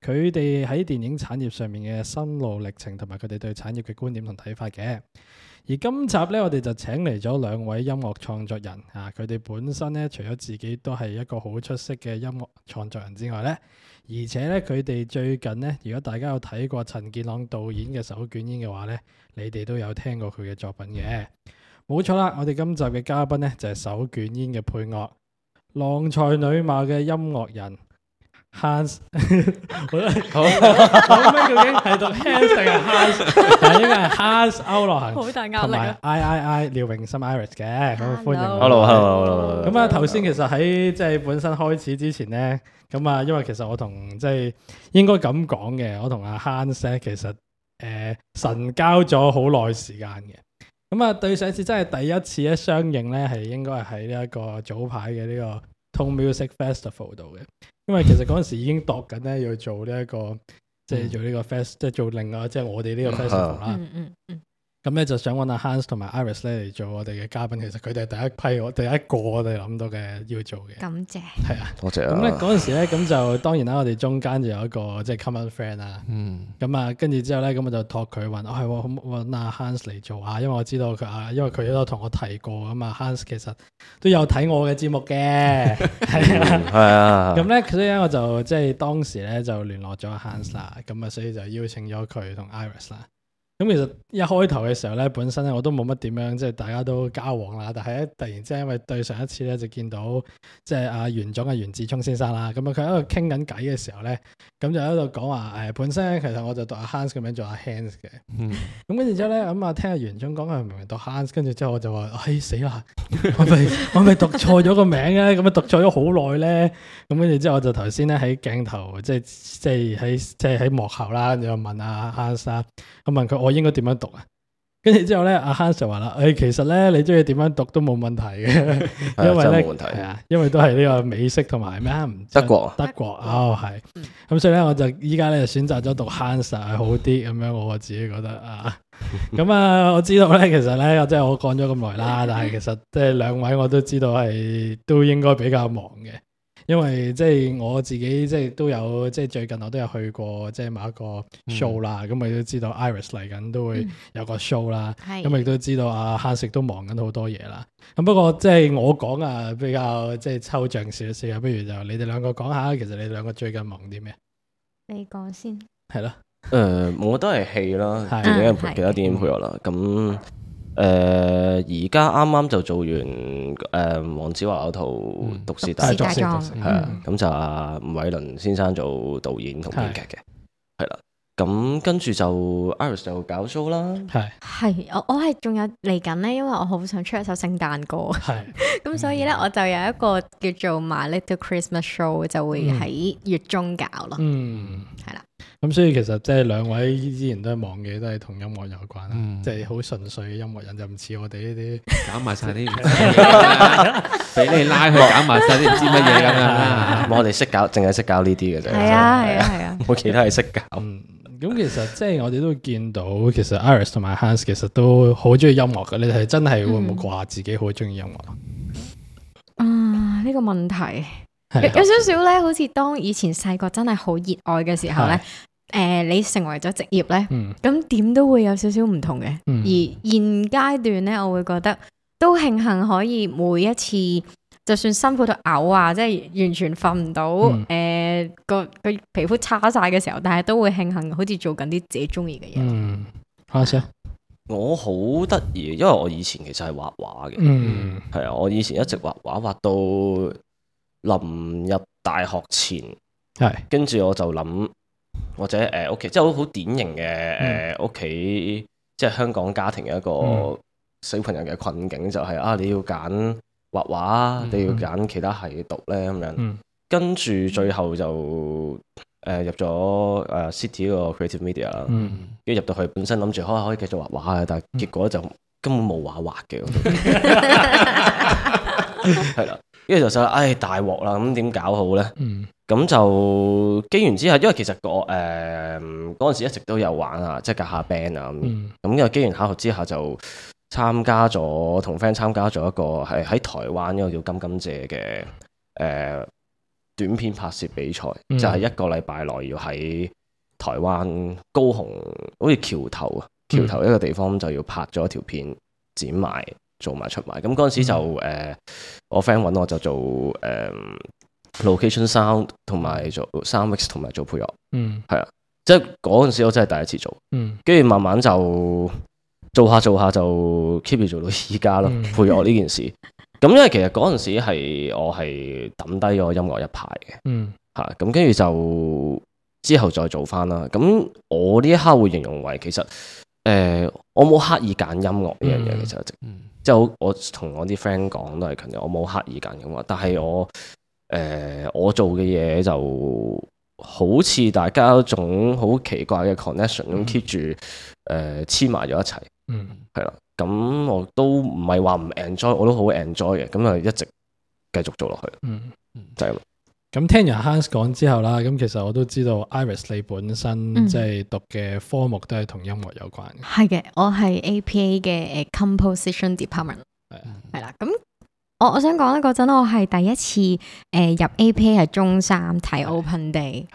佢哋喺電影產業上面嘅心路歷程，同埋佢哋對產業嘅觀點同睇法嘅。而今集呢，我哋就請嚟咗兩位音樂創作人啊！佢哋本身呢，除咗自己都係一個好出色嘅音樂創作人之外呢，而且呢，佢哋最近呢，如果大家有睇過陳健朗導演嘅手捲煙嘅話呢，你哋都有聽過佢嘅作品嘅。冇錯啦，我哋今集嘅嘉賓呢，就係手捲煙嘅配樂，郎才女貌嘅音樂人。Hanz 好，好，咁樣究竟係讀 Hanz 定係 Hans，但係應該係 Hanz 歐羅恆，好大壓力啊！同埋 I I I 廖永心 Iris 嘅，咁歡迎，Hello Hello，Hello 咁啊，頭先其實喺即係本身開始之前咧，咁啊、哦哦、因為其實我同即係應該咁講嘅，我同阿 Hanz 其實誒神交咗好耐時間嘅，咁啊、嗯嗯嗯嗯、對上次真係第一次咧，相認咧係應該係喺呢一個早排嘅呢個 Tone Music Festival 度嘅。因為其實嗰陣時已經度緊咧，要做呢、這、一個即係、嗯、做呢、這個 Fest，即係做另外即係、就是、我哋呢個 Festival 啦。嗯嗯嗯咁咧就想揾阿 Hanz 同埋 Iris 咧嚟做我哋嘅嘉賓，其實佢哋係第一批我，我第一個我哋諗到嘅要做嘅。感謝，係啊，多謝啊。咁咧嗰陣時咧，咁就當然啦，我哋中間就有一個即係、就是、common friend 啊。嗯。咁啊、嗯，跟住之後咧，咁我就託佢揾，哦、我係我揾阿 Hanz 嚟做啊，因為我知道佢啊，因為佢都有同我提過啊嘛。Hanz 其實都有睇我嘅節目嘅，係 啊，係、 嗯、啊。咁咧、嗯，所以咧我就即係當時咧就聯絡咗阿 Hanz 啦，咁啊、嗯，所以就邀請咗佢同 Iris 啦。咁其實一開頭嘅時候咧，本身咧我都冇乜點樣，即係大家都交往啦。但係咧突然之間，因為對上一次咧就見到即係阿袁總嘅袁志聰先生啦。咁啊佢喺度傾緊偈嘅時候咧，咁就喺度講話誒，本身咧其實我就讀 Hanz 嘅名做阿 Hanz 嘅。咁跟住之後咧，咁啊聽阿袁總講佢唔明讀 Hanz 跟住 之後我就話：唉死啦，我咪我咪讀錯咗個名咧。咁啊讀錯咗好耐咧。咁跟住之後我就頭先咧喺鏡頭，即係即係喺即係喺幕後啦，又問阿 Hanz 啦，我問佢我應該點樣讀啊？跟住之後咧，阿 Hanz Sir 話啦，誒、哎、其實咧，你中意點樣讀都冇問題嘅，因為咧，係啊，因為都係呢個美式同埋咩啊？德國，德國，哦，係，咁、嗯嗯、所以咧，我就依家咧選擇咗讀 Hanz 好啲咁樣，我自己覺得啊。咁啊、 嗯，我知道咧，其實咧，即係我講咗咁耐啦，但係其實即係兩位我都知道係都應該比較忙嘅。因為即係我自己即係都有即係最近我都有去過即係某一個 show 啦、嗯，咁我都知道 Iris 嚟緊都會有個 show、嗯啊、啦，咁我亦都知道啊 Hanz 都忙緊好多嘢啦。咁不過即係我講啊，比較即係抽象少少啊，不如就你哋兩個講下，其實你哋兩個最近忙啲咩？你講先，係咯？誒，我都係戲啦，係 其他電影配樂啦，咁。誒而家啱啱就做完誒黃、呃、子華套《毒舌大狀》，係啊，咁、嗯、就阿吳煒倫先生做導演同編劇嘅，係啦的。咁跟住就 Iris 就搞 show 啦、啊，係的。係我我係仲有嚟緊咧，因為我好想出一首聖誕歌，係的。咁 所以咧，嗯、我就有一個叫做 My Little Christmas Show，就會喺月中搞咯，嗯，係啦、嗯。 咁所以其實即係兩位之前都係忙嘅，都係同音樂有關啦、啊，嗯、即係好純粹嘅音樂人，就唔似我哋呢啲搞埋晒啲，俾 你拉去搞埋晒啲唔知乜嘢啦。咁我哋識搞，淨係識搞呢啲嘅啫。係啊係啊係啊，冇的、啊啊、其他嘢識搞。咁、嗯、其實即係我哋都會見到，其實 Iris 同埋 Hans 其實都好中意音樂嘅。你哋係真係會唔會話自己好中意音樂啊？呢、嗯嗯呢個問題。有少少咧，好似當以前細個真係好熱愛嘅時候咧，誒、呃，你成為咗職業咧，咁點都會有少少唔同嘅。而現階段咧，我會覺得都慶幸可以每一次，就算辛苦到嘔啊，即係完全瞓唔到，誒，個、呃、個皮膚差晒嘅時候，但係都會慶幸好似做緊啲自己中意嘅嘢。下先，我好得意，因為我以前其實係畫畫嘅，係啊，我以前一直畫畫畫到。臨入大學前，係跟住我就諗，或者誒屋企即係好好典型嘅誒屋企，即係香港家庭嘅一個小朋友嘅困境，就係、是、啊你要揀畫畫，你要揀其他係讀咧咁樣。嗯、跟住最後就誒、呃、入咗誒 City 個 Creative Media 啦、嗯，跟住入到去本身諗住可以可以繼續畫畫嘅，但係結果就根本冇畫畫嘅，係啦。跟住就想，唉大鑊啦！咁點搞好呢？咁、嗯、就機緣之下，因為其實個誒嗰、呃、時一直都有玩啊，即係夾下 band 啊、嗯。咁因又機緣巧合之下就參，就參加咗同 friend 參加咗一個係喺台灣一個叫金甘蔗嘅誒、呃、短片拍攝比賽，嗯、就係一個禮拜內要喺台灣高雄，好似橋頭啊橋頭，一個地方就要拍咗一條片剪埋。做埋出埋，咁嗰陣時就誒、嗯呃，我 friend 搵我就做誒、呃、location sound，同埋做 sound mix，同埋做配樂，嗯，係啊，即係嗰陣時我真係第一次做，嗯，跟住慢慢就做下做下就 keep 住做到而家咯，嗯、配樂呢件事，咁因為其實嗰陣時係我係抌低咗音樂一排嘅，嗯，吓，咁跟住就之後再做翻啦，咁我呢一刻會形容為其實誒。呃我冇刻意揀音樂呢樣嘢，其實一直，即係我我同我啲 friend 講都係咁嘅，我冇刻意揀音樂，但係我誒我做嘅嘢就好似大家一種好奇怪嘅 connection 咁 keep 住誒黐埋咗一齊，嗯，係啦，咁我都唔係話唔 enjoy，我都好 enjoy 嘅，咁啊一直繼續做落去，嗯，嗯，就係。咁聽完 Hanz 講之後啦，咁其實我都知道 Iris 你本身即係讀嘅科目都係同音樂有關嘅。係嘅、嗯，我係 APA 嘅誒 composition department。係啊的，係啦。咁我我想講咧，嗰陣我係第一次誒、呃、入 APA 係中三睇 open day。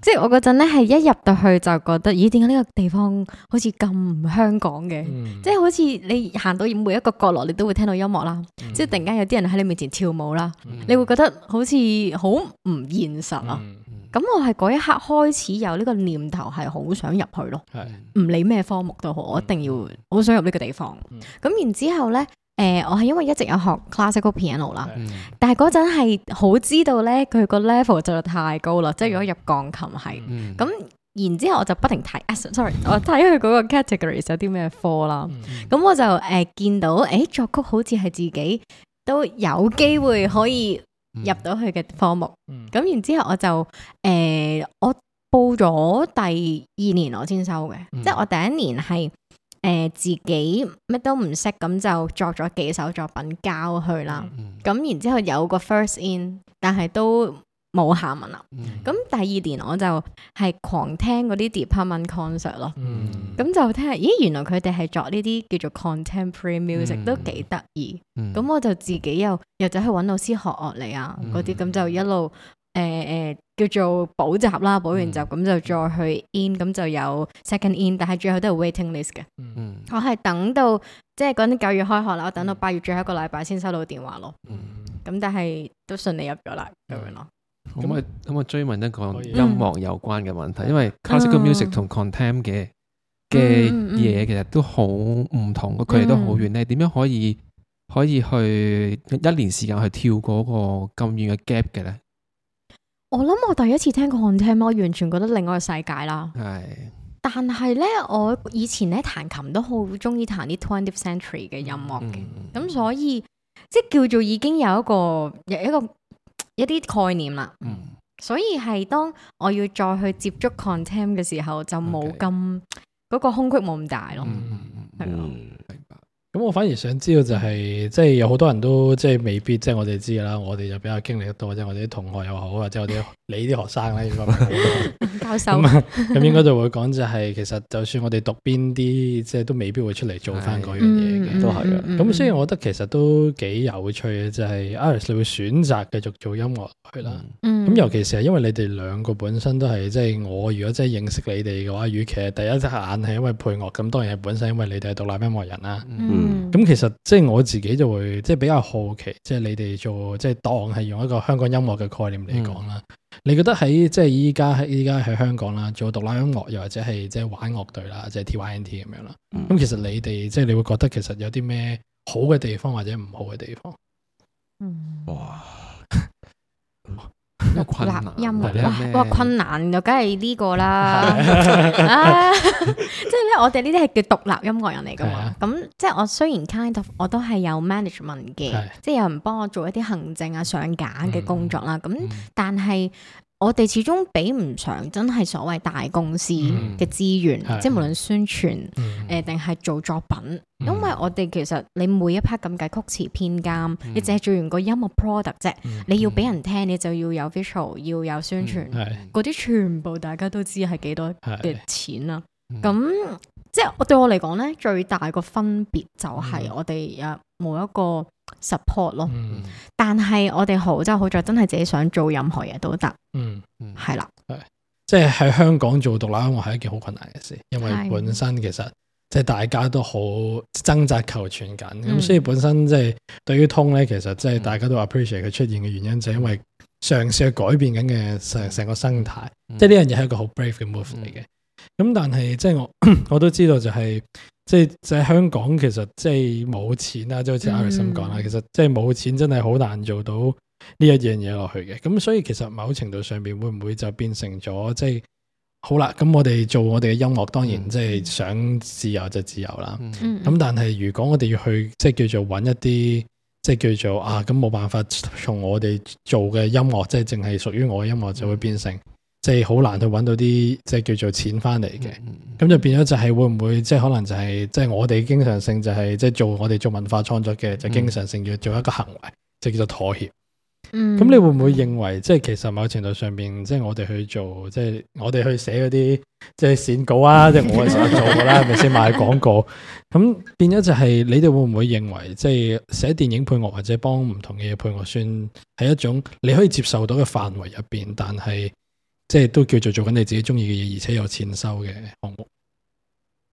即係我嗰陣咧，係一入到去就覺得，咦、哎？點解呢個地方好似咁唔香港嘅？嗯、即係好似你行到每一個角落，你都會聽到音樂啦。嗯、即係突然間有啲人喺你面前跳舞啦，嗯、你會覺得好似好唔現實啊！咁、嗯嗯、我係嗰一刻開始有呢個念頭，係好想入去咯。唔理咩科目都好，嗯、我一定要好想入呢個地方。咁、嗯嗯、然之後咧。誒、呃，我係因為一直有學 classical piano 啦，嗯、但係嗰陣係好知道咧，佢個 level 就太高啦，即係如果入鋼琴係，咁、嗯、然之後我就不停睇、嗯啊、，sorry，、嗯、我睇佢嗰個 categories 有啲咩科啦，咁、嗯嗯、我就誒見到，誒、呃、作曲好似係自己都有機會可以入到佢嘅科目，咁、嗯嗯嗯、然之後我就誒、呃，我報咗第二年我先收嘅，即係我第一年係，誒、呃、自己乜都唔識，咁就作咗幾首作品交去啦。咁、mm hmm. 然之後有個 first in，但係都冇下文啦。咁、mm hmm. 第二年我就係狂聽嗰啲 department concert 咯。咁、mm hmm. 就聽下，咦原來佢哋係作呢啲叫做 contemporary music，、mm hmm. 都幾得意。咁、mm hmm. 我就自己又又走去揾老師學落嚟啊嗰啲，咁、mm hmm. 就一路誒誒。呃呃呃叫做補習啦，補完習咁就再去 in，咁就有 second in，但係最後都係 waiting list 嘅。我係等到即係嗰陣九月開學啦，我等到八月最後一個禮拜先收到電話咯。咁但係都順利入咗啦，咁樣咯。咁我咁啊，追問一個音樂有關嘅問題，因為 classical music 同 contem 嘅嘅嘢其實都好唔同，個距離都好遠咧。點樣可以可以去一年時間去跳嗰個咁遠嘅 gap 嘅咧？我諗我第一次聽個 contem，我完全覺得另外一個世界啦。係的，但係咧，我以前咧彈琴都好中意彈啲 twentieth century 嘅音樂嘅，咁、嗯、所以即係叫做已經有一個一個一啲概念啦。嗯、所以係當我要再去接觸 contem 嘅時候，就冇咁嗰個空隙冇咁大咯。係咯、嗯。嗯咁、嗯、我反而想知道就係、是，即係有好多人都即係未必，即係我哋知道啦，我哋就比較經歷得多，即係我哋啲同學又好，或者我啲。 你啲學生咧，應該 教授咁 應該就會講就係、是、其實就算我哋讀邊啲，即係都未必會出嚟做翻嗰樣嘢嘅，都係啊，咁、嗯嗯嗯、所以我覺得其實都幾有趣嘅，就係、是、Iris 你會選擇繼續做音樂去啦。咁、嗯、尤其是係因為你哋兩個本身都係即係我如果即係認識你哋嘅話，與其係第一眼係因為配樂，咁當然係本身因為你哋係獨立音樂人啦。咁、嗯嗯、其實即係我自己就會即係比較好奇，即、就、係、是、你哋做即係、就是、當係用一個香港音樂嘅概念嚟講啦。嗯你覺得喺即係依家喺依家喺香港啦，做獨立音樂又或者係即係玩樂隊啦，即係 T.Y.N.T 咁樣啦。咁、嗯、其實你哋即係你會覺得其實有啲咩好嘅地方或者唔好嘅地方？嗯。哇。 獨立音樂人，哇，困難就梗係呢個啦，即係咧我哋呢啲係叫獨立音樂人嚟噶嘛，咁即係我雖然 kind of, 我都係有 management 嘅，即係是、啊、有人幫我做一啲行政啊上架嘅工作啦，咁是、啊嗯、但係。我哋始終比唔上真係所謂大公司嘅資源，嗯、即係無論宣傳，誒定係做作品。嗯、因為我哋其實你每一 part 咁計曲詞編監，嗯、你淨係做完個音樂 product 啫，嗯、你要俾人聽，你就要有 visual，要有宣傳，嗰啲、嗯、全部大家都知係幾多嘅錢啦、啊。咁是、嗯、即係我對我嚟講呢最大個分別就係我哋有冇一個。support 咯，嗯、但係我哋好在好在真係自己想做任何嘢都得，係、嗯嗯、啦，即係喺香港做獨立音樂係一件好困難嘅事，因為本身其實即係大家都好掙扎求存緊，咁、嗯嗯、所以本身即係對於通咧，其實即係大家都 appreciate 佢出現嘅原因、嗯、就係因為嘗試去改變緊嘅成成個生態，即係呢樣嘢係一個好 brave 嘅 move 嚟嘅，咁、嗯嗯、但係即係我 我都知道就係、是。即係喺香港，其實即係冇錢啦，即係好似阿瑞森講啦，嗯、其實即係冇錢真係好難做到呢一樣嘢落去嘅。咁、嗯、所以其實某程度上面會唔會就變成咗即係好啦？咁我哋做我哋嘅音樂，當然即係想自由就自由啦。咁、嗯、但係如果我哋要去即係叫做揾一啲即係叫做啊咁冇辦法從我哋做嘅音樂，即係淨係屬於我嘅音樂，就會變成。即係好難去揾到啲即係叫做錢翻嚟嘅，咁、嗯、就變咗就係會唔會即係可能就係即係我哋經常性就係即係做我哋做文化創作嘅就經常性要做一個行為，即係、嗯、叫做妥協。咁、嗯、你會唔會認為即係其實某程度上邊即係我哋去做即係、就是、我哋去寫嗰啲即係線稿啊，即、就、係、是、我哋成日做噶啦，係咪先賣廣告？咁變咗就係你哋會唔會認為即係寫電影配樂或者幫唔同嘅嘢配樂，算係一種你可以接受到嘅範圍入邊，但係？即係都叫做做緊你自己中意嘅嘢，而且有錢收嘅項目。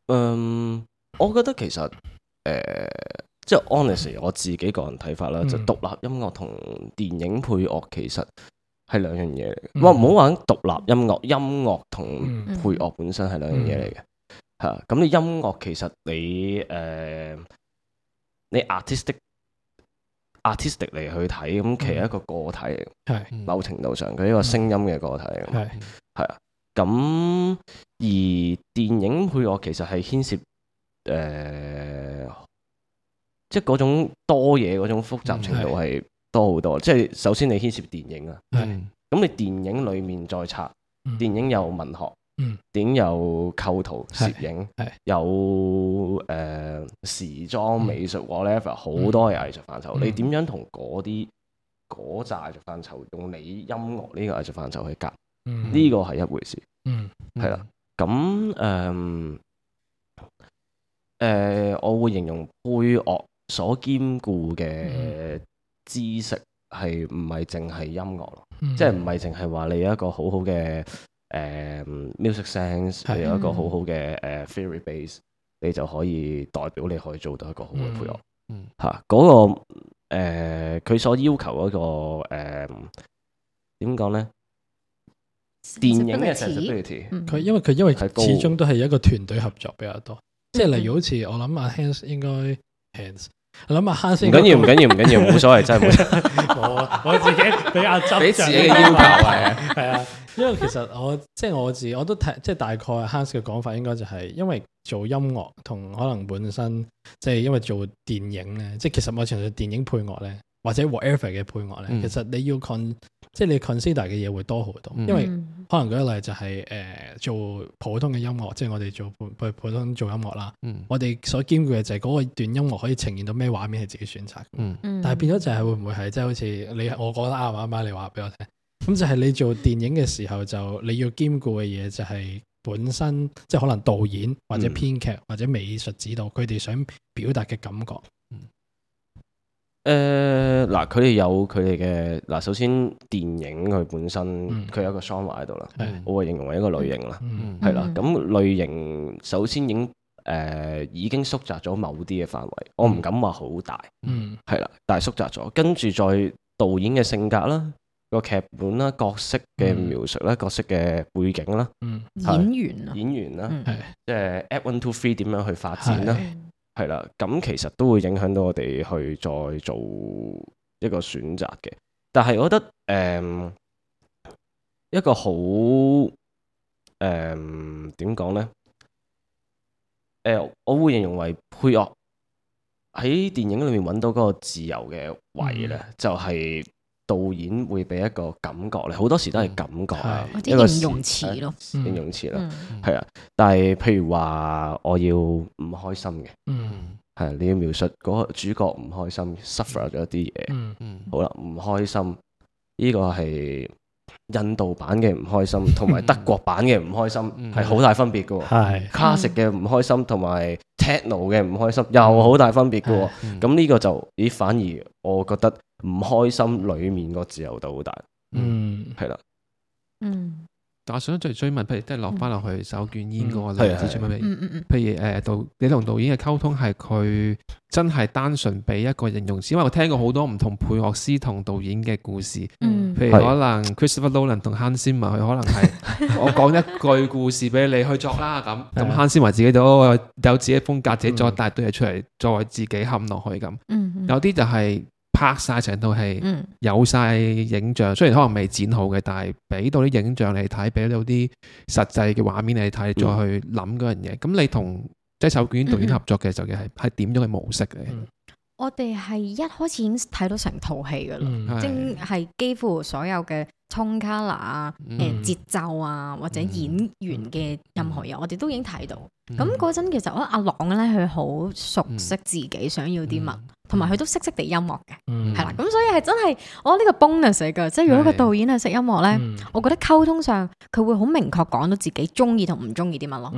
嗯，我覺得其實誒，即、呃、係、就是、honestly 我自己個人睇法啦，嗯、就獨立音樂同電影配樂其實係兩樣嘢。嚟、嗯。哇，唔好玩獨立音樂，音樂同配樂本身係兩樣嘢嚟嘅。吓、嗯，咁、嗯、你音樂其實你誒、呃，你 artistic。artistic 嚟去睇，咁其實一個個體系、嗯、某程度上，佢係一個聲音嘅個體，係係啊。咁的、嗯、而電影配樂其實係牽涉誒、呃，即係嗰種多嘢嗰種複雜程度係多好多。嗯、即係首先你牽涉電影啊，係、嗯，咁你電影裏面再拆，嗯、電影又文學。 嗯，點有構圖、攝影，係的有誒、uh, 時裝、美術 whatever，好多嘅藝術範疇。嗯、你點樣同嗰啲嗰紮藝術範疇用你音樂呢個藝術範疇去夾？呢個係一回事。嗯，係、嗯、啦。咁誒，誒、um, 呃，我會形容配樂所兼顧嘅知識係唔係淨係音樂咯，即係唔係淨係話你有一個好好嘅。誒、um，music sense 的有一個好好嘅誒 theory base，你就可以代表你可以做到一個好嘅配樂。吓嗰、嗯嗯啊那個誒，佢、呃、所要求嗰個誒，點講咧？電影嘅 accessibility，佢、嗯、因為佢因為始終都係一個團隊合作比較多，嗯、即係例如好似我諗阿、啊、Hanz 應該 Hanz。嗯諗下 Hanz 唔緊要唔緊要唔緊要，冇所謂 真係冇所謂 我我自己比較執著 自己嘅要求。係啊， 因為其實我即係我自己，我都睇即係大概 Hanz 嘅講法應該就係，因為做音樂同可能本身即係、就是、因為做電影咧，即係其實我嘅意思係電影配樂咧，或者 whatever 嘅配樂咧，嗯、其實你要 con 即係你 consider 嘅嘢會多好多，嗯、因為可能舉個例就係、是、誒、呃、做普通嘅音樂，即係我哋做普普通做音樂啦。嗯、我哋所兼顧嘅就係嗰個段音樂可以呈現到咩畫面係自己選擇。嗯、但係變咗就係會唔會係即係好似你我講得啱唔啱啊？你話俾我聽。咁就係你做電影嘅時候就，就你要兼顧嘅嘢就係本身，即係可能導演或者編劇或者美術指導，佢哋、嗯、想表達嘅感覺。誒嗱，佢哋、呃、有佢哋嘅嗱，首先電影佢本身佢有一個 genre 喺度啦，的我會形容為一個類型啦，係啦，咁、嗯、類型首先已經、呃、已經縮窄咗某啲嘅範圍，我唔敢話好大，係啦、嗯，但係縮窄咗，跟住再導演嘅性格啦、個劇本啦、角色嘅描述啦，角色嘅背景啦、嗯、的演員啊、嗯、演員啦，即係 at one to three 點樣去發展啦。係啦，咁其實都會影響到我哋去再做一個選擇嘅。但係我覺得，誒、呃，一個好，誒、呃，點講咧？誒、呃，我會形容為配樂喺電影裏面揾到嗰個自由嘅位咧，就係、是。導演會俾一個感覺咧，好多時都係感覺啊，一個形容詞咯，形容詞咯，係啊。但係譬如話，我要唔開心嘅，係你要描述嗰個主角唔開心，suffer 咗一啲嘢。嗯嗯。好啦，唔開心，呢個係印度版嘅唔開心，同埋德國版嘅唔開心係好大分別嘅。係。classic 嘅唔開心同埋 techno 嘅唔開心又好大分別嘅。咁呢個就咦，反而我覺得。唔開心，裏面個自由度好大。嗯，係啦。嗯，但我想再追問，譬如都係落翻落去手捲煙嗰個例子、mm. 出咪？嗯嗯、mm. 譬如誒導、呃，你同導演嘅溝通係佢真係單純俾一個形容詞，因為我聽過好多唔同配樂師同導演嘅故事。譬如可能 Christopher Nolan 同 Hans Zimmer，佢可能係我講一句故事俾 你去作啦。咁咁 Hans Zimmer 自己都有自己風格，自己作，一大堆嘢出嚟，再自己嵌落去咁。有啲就係。拍晒成套戲有晒影像，雖然可能未剪好嘅，但係俾到啲影像你睇，俾到啲實際嘅畫面你睇，再去諗嗰樣嘢。咁你同即係手卷導演合作嘅，嗯、就係係係點樣嘅模式咧？我哋係一開始已經睇到成套戲噶啦，即係、嗯、幾乎所有嘅 tone colour 啊、誒節奏啊或者演員嘅任何嘢，嗯嗯、我哋都已經睇到。咁嗰陣其實我覺得阿朗咧，佢好熟悉自己想要啲乜。嗯嗯同埋佢都識識地音樂嘅，係啦，咁所以係真係，我呢個 bonus 嚟噶，即係如果個導演係識音樂咧，我覺得溝通上佢會好明確講到自己中意同唔中意啲乜咯，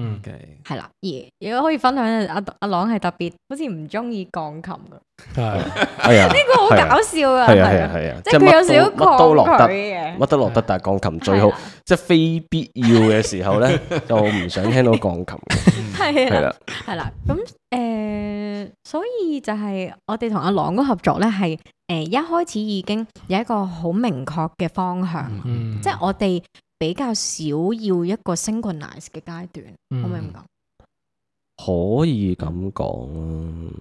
係啦。而如果可以分享阿阿朗係特別，好似唔中意鋼琴嘅，係啊，呢個好搞笑啊，係啊係啊，即係佢有少乜都落得，乜都落得，但係鋼琴最好，即係非必要嘅時候咧，就唔想聽到鋼琴。係啦，係啦，咁。誒、呃，所以就係我哋同阿朗哥合作咧，係誒、呃、一開始已經有一個好明確嘅方向，嗯、即係我哋比較少要一個 synchronize 嘅階段，可唔、嗯、可以咁講？可以咁講，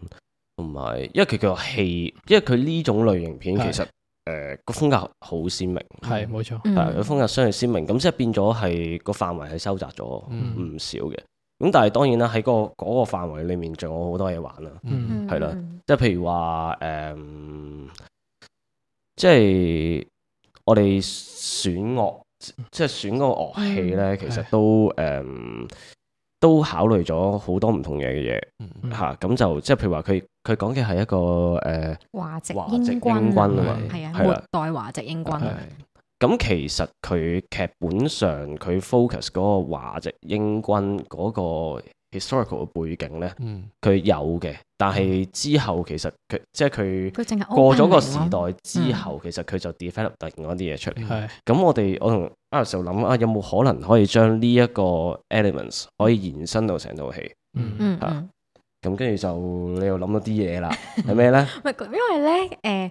同埋因為佢叫做戲，因為佢呢種類型片其實誒個是、呃、風格好鮮明，係冇錯，但係佢風格相對鮮明，咁即係變咗係個範圍係收窄咗唔少嘅。嗯咁但係當然啦，喺嗰個嗰個範圍裏面仲有好多嘢玩啦，係啦，即係譬如話誒，即係我哋選樂，即係選個樂器咧，其實都誒，都考慮咗好多唔同嘢嘅嘢吓。咁就即係譬如話佢佢講嘅係一個誒華籍英軍啊嘛，係啊，末代華籍英軍咁其實佢劇本上佢 focus 嗰個華籍英軍嗰個 historical 嘅背景咧，佢有嘅。但係之後其實佢即係佢過咗個時代之後，其實佢就 develop 另外一啲嘢出嚟。係咁，我哋我同阿 Sir 諗啊，有冇可能可以將呢一個 elements 可以延伸到成套戲？嗯嗯嚇，咁跟住就你又諗到啲嘢啦，係咩咧？咪因為咧誒？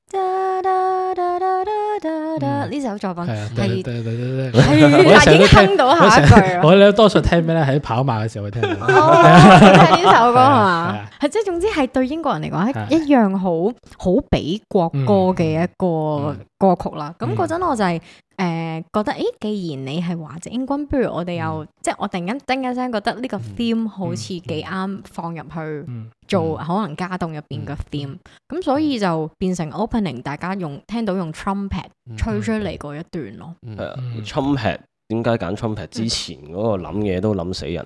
呢首作品係，係、嗯，已經哼到下一句我。我咧多數聽咩咧，喺跑馬嘅時候會聽到。聽呢首歌係嘛？係即係，總之係對英國人嚟講，係一樣好的好比國歌嘅一個歌曲啦。咁嗰陣我就係、是、誒、呃、覺得，誒、欸，既然你係華籍英軍，不如我哋又、嗯、即係我突然間叮一聲，覺得呢個 theme 好似幾啱放入去。嗯嗯嗯做可能家棟入邊嘅 theme，咁所以就變成 opening，大家用聽到用 trumpet 吹出嚟嗰一段咯。係啊，trumpet，點解揀 trumpet？之前嗰個諗嘢都諗死人，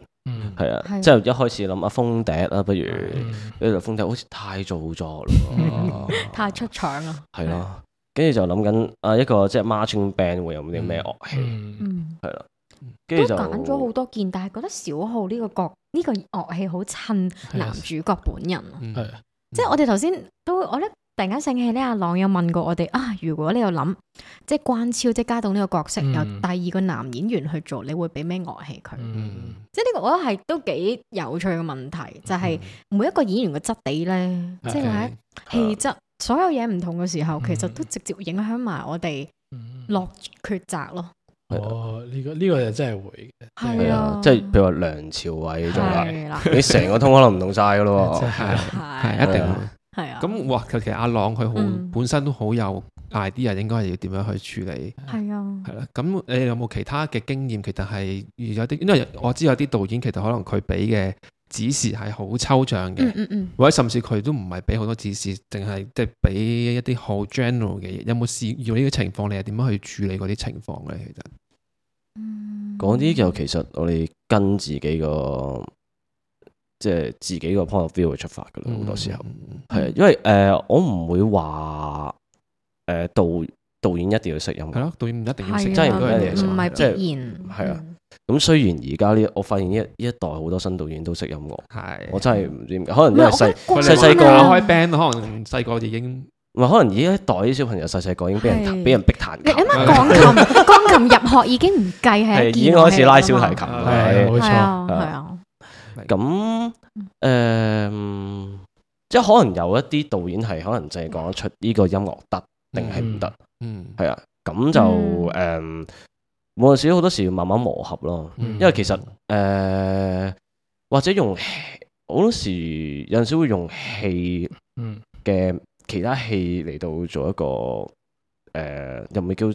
係啊，即係、嗯、一開始諗阿風笛啦、啊，不如呢度、嗯、風笛好似太做作咯，嗯、 太出場啦。係咯，跟住就諗緊啊一個即係、就是、marching band 會有啲咩樂器？係啦、嗯。都揀咗好多件，但係覺得小號呢個角呢，這個樂器好襯男主角本人咯。係、yes. mm，hmm. 即係我哋頭先都，我咧突然間醒起呢，阿朗有問過我哋啊，如果你有諗即係關超即係加棟呢個角色由第二個男演員去做，mm hmm. 你會俾咩樂器佢？Mm hmm. 即係呢個我覺得係都幾有趣嘅問題，就係、是、每一個演員嘅質地咧，mm hmm. 即係喺氣質所有嘢唔同嘅時候，mm hmm. 其實都直接影響埋我哋落抉擇咯。哦，呢個呢個就真係會嘅，係啊，即係譬如話梁朝偉做嘅，你成個通可能唔同晒噶咯，係係一定係啊。咁哇，其實阿朗佢好本身都好有 idea，應該係要點樣去處理，係啊，係啦。咁你有冇其他嘅經驗？其實係有啲，因為我知有啲導演其實可能佢俾嘅。指示係好抽象嘅，嗯嗯、或者甚至佢都唔係俾好多指示，淨係即係俾一啲好 general 嘅嘢。有冇試遇呢啲情況？你係點樣去處理嗰啲情況咧？嗯、其實，講啲就其實我哋跟自己個即係自己個 point of view 去出發噶啦，好多時候係，嗯，因為誒、嗯呃、我唔會話誒、呃、導導演一定要識音樂嘅，導演唔一定要真人都係唔係，即係係啊。咁雖然而家呢，我發現呢一代好多新導演都識音樂，係，我真係唔知點解，可能因為細細細個開 band，可能細個已經，可能而家一代啲小朋友細細個已經俾人俾人逼彈琴，你諗下鋼琴鋼琴入學已經唔計，係已經開始拉小提琴，係冇錯，係啊，咁誒，即係可能有一啲導演係可能淨係講得出呢個音樂得定係唔得，嗯，係啊，咁就誒。冇嘅時好多時要慢慢磨合咯。因為其實誒、呃，或者用好多時有陣時會用戲嘅其他戲嚟到做一個誒、呃，又唔係叫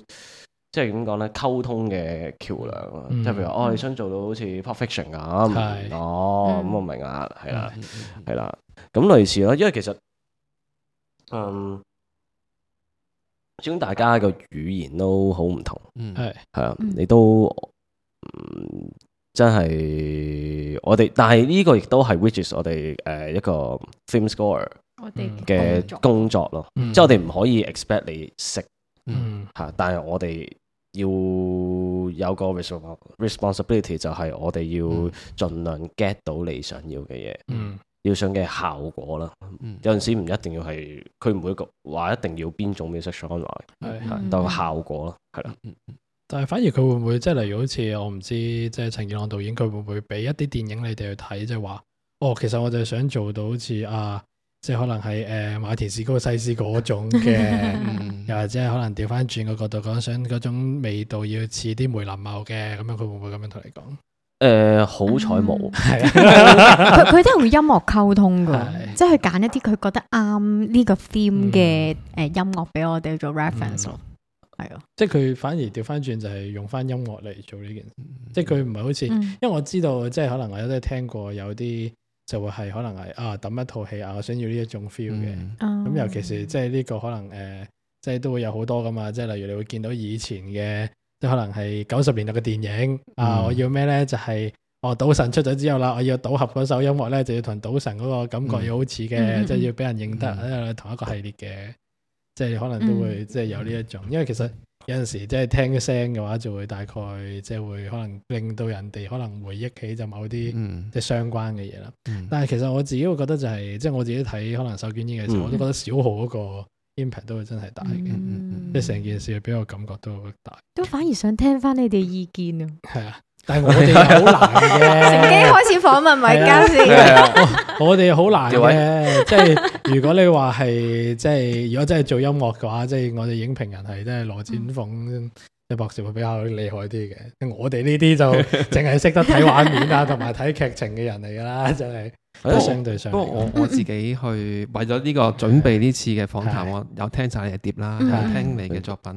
即係點講咧？溝通嘅橋樑咯，即係譬如哦、啊，你想做到好似 profession 咁，的哦，咁我明啊，係啦，係啦，咁 類似咯。因為其實，嗯。雖然大家嘅語言都好唔同，係係、嗯、啊，嗯、你都、嗯、真係我哋，但係呢個亦都係 which is 我哋誒、呃、一個 film score 我哋嘅工作咯，即係、嗯、我哋唔可以 expect 你食，吓、嗯啊，但係我哋要有個 responsibility，就係我哋要盡量 get 到你想要嘅嘢。嗯嗯要上嘅效果啦，嗯、有陣時唔一定要係佢唔會話一定要邊種 music 上來，但個效果咯，係啦。但係反而佢會唔會即係例如好似我唔知，即、就、係、是、陳健朗導演佢會唔會俾一啲電影你哋去睇，即係話哦，其實我就係想做到好似啊，即係可能係誒、呃、馬田史高西斯嗰種嘅，又、嗯、或者係可能調翻轉個角度講，想嗰種味道要似啲梅林茂嘅咁樣，佢會唔會咁樣同你講？誒，好彩冇，佢佢、嗯啊、 都係會音樂溝通噶，是即係揀一啲佢覺得啱呢個 theme 嘅誒音樂俾我哋做 reference 咯，係咯、嗯，嗯啊、即係佢反而調翻轉就係用翻音樂嚟做呢件事，嗯、即係佢唔係好似，嗯、因為我知道即係可能我都有聽過有啲就會係可能係啊揼一套戲啊，我想要呢一種 feel 嘅，咁尤其是即係呢個可能誒、呃，即係都會有好多噶嘛，即係例如你會見到以前嘅。即係可能係九十年代嘅電影啊！我要咩咧？就係我《賭神》出咗之後啦，我要《賭俠》嗰首音樂咧，就要同《賭神》嗰個感覺要好似嘅，即係要俾人認得，因為同一個系列嘅，即係可能都會即係有呢一種。因為其實有陣時即係聽聲嘅話，就會大概即係會可能令到人哋可能回憶起就某啲即係相關嘅嘢啦。但係其實我自己會覺得就係即係我自己睇可能手捲煙嘅時候，我都覺得小號嗰個。都係真係大嘅，即係成件事俾我感覺都大。都反而想聽翻你哋意見啊！係啊，但係我哋好難嘅。成機 開始訪問米迦先，我哋好難嘅。 即係如果你話係，即係如果真係做音樂嘅話，即係我哋影評人係真係羅展鳳、阿、嗯、博士會比較厲害啲嘅。我哋呢啲就淨係識得睇畫面啊，同埋睇劇情嘅人嚟㗎啦，真、就、係、是。不過不過我我自己去為咗呢個準備呢次嘅訪談，我有聽晒你嘅碟啦，有聽你嘅作品。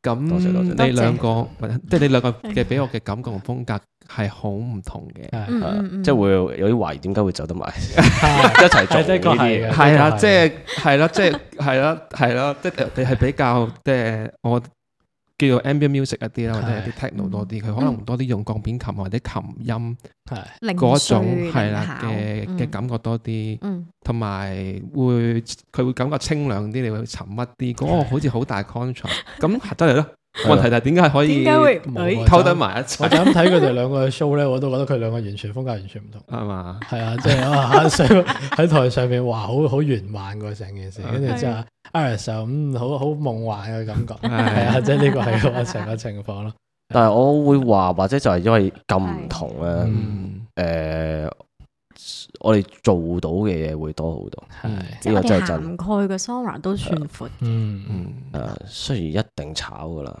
多謝多謝，你兩個即係你兩個嘅俾我嘅感覺同風格係好唔同嘅，即係會有啲懷疑，點解會走得埋一齊做呢啲嘅？係啦，即係係啦，即係係啦，係啦，即係你係比較即係我。叫做 ambient music 一啲啦，是或者係啲 techno 多啲，佢、嗯、可能多啲用鋼片琴或者琴音係嗰是種係啦嘅嘅感覺多啲，同埋、嗯、會佢會感覺清涼啲，你會沉鬱啲，嗰的個好似好大 contract 咁係得嚟咯。的 問題就係點解可以溝得埋一齊？我就咁睇佢哋兩個嘅 show 咧，我都覺得佢兩個完全風格完全唔同 嗎，係嘛？係啊，即係話喺台上面話，好好玄幻嘅成件事，跟住即係 Iris 咁，好好夢幻嘅感覺，係啊的，即係呢個係我成個情況咯。 的但係我會話，或者就係因為咁唔同咧，誒、 嗯。呃我哋做到嘅嘢會多好多，係即係涵蓋嘅 scope 都算闊。嗯嗯，誒，雖然一定炒㗎喇，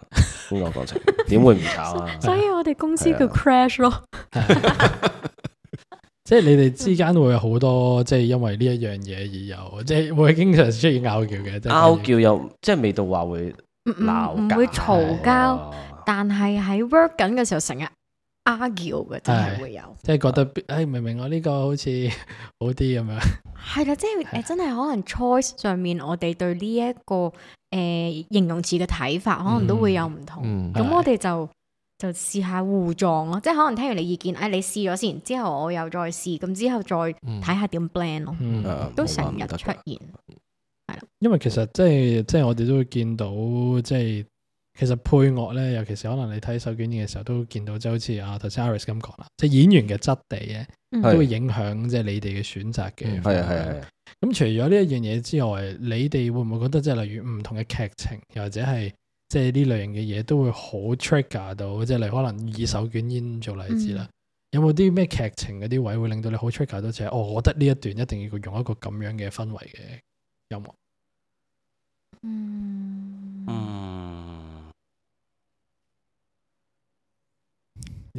工作過程點會唔炒啊？所以我哋公司叫 crash 咯。即係你哋之間會有好多，即係因為呢一樣嘢而有，即係會經常出現拗撬嘅。拗撬又即係未到話會鬧，唔會嘈交，但係喺 work 緊嘅時候成日。argue 嘅真係會有，即係覺得誒、哎、明明我呢個好似好啲咁樣。係 啦，即係誒，真係可能 choice 上面我哋對呢、這、一個誒、呃、形容詞嘅睇法，可能都會有唔同。咁、嗯嗯、我哋就的就試下互撞咯，即係可能聽完你意見，誒、哎、你試咗先嚐嚐，之後我又再試，咁之後再睇下點 blend 咯、嗯。都成日出現，係啦、嗯。嗯嗯嗯、因為其實即係即係我哋都會見到即係。就是其實配樂咧，尤其是可能你睇手捲煙嘅時候，都見到就好似頭先 Iris 咁講啦，即係演員嘅質地咧都會影響即係你哋嘅選擇嘅。係係、嗯。咁除咗呢一樣嘢之外，你哋會唔會覺得即係例如唔同嘅劇情，又或者係即係呢類型嘅嘢都會好 trigger 到？即係例如可能以手捲煙做例子啦，嗯、有冇啲咩劇情嗰啲位會令到你好 trigger 到？即係、哦、我覺得呢一段一定要用一個咁樣嘅氛圍嘅音樂。嗯嗯。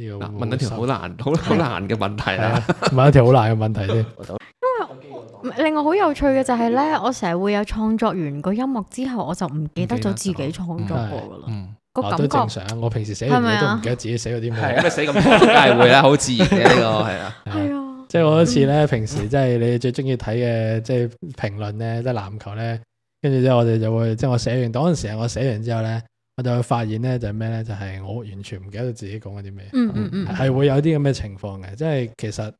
嗱，問一條好難、好好難嘅問題啦，問一條好難嘅問題先。另外好有趣嘅就係咧，我成日會有創作完個音樂之後，我就唔記得咗自己創作過噶啦。嗯，個感覺正常。我平時寫完嘢都唔記得自己寫咗啲咩。咩寫咁係會啦，好自然嘅呢個係啊。係 啊、就是，即係我有一次咧，平時即係你最中意睇嘅即係評論咧，即係籃球咧，跟住之後我哋就會即係我寫完嗰陣時我寫完之後咧。我就會發現咧，就係咩咧？就係、是、我完全唔記得到自己講咗啲咩，係、嗯嗯、會有啲咁嘅情況嘅。即係其實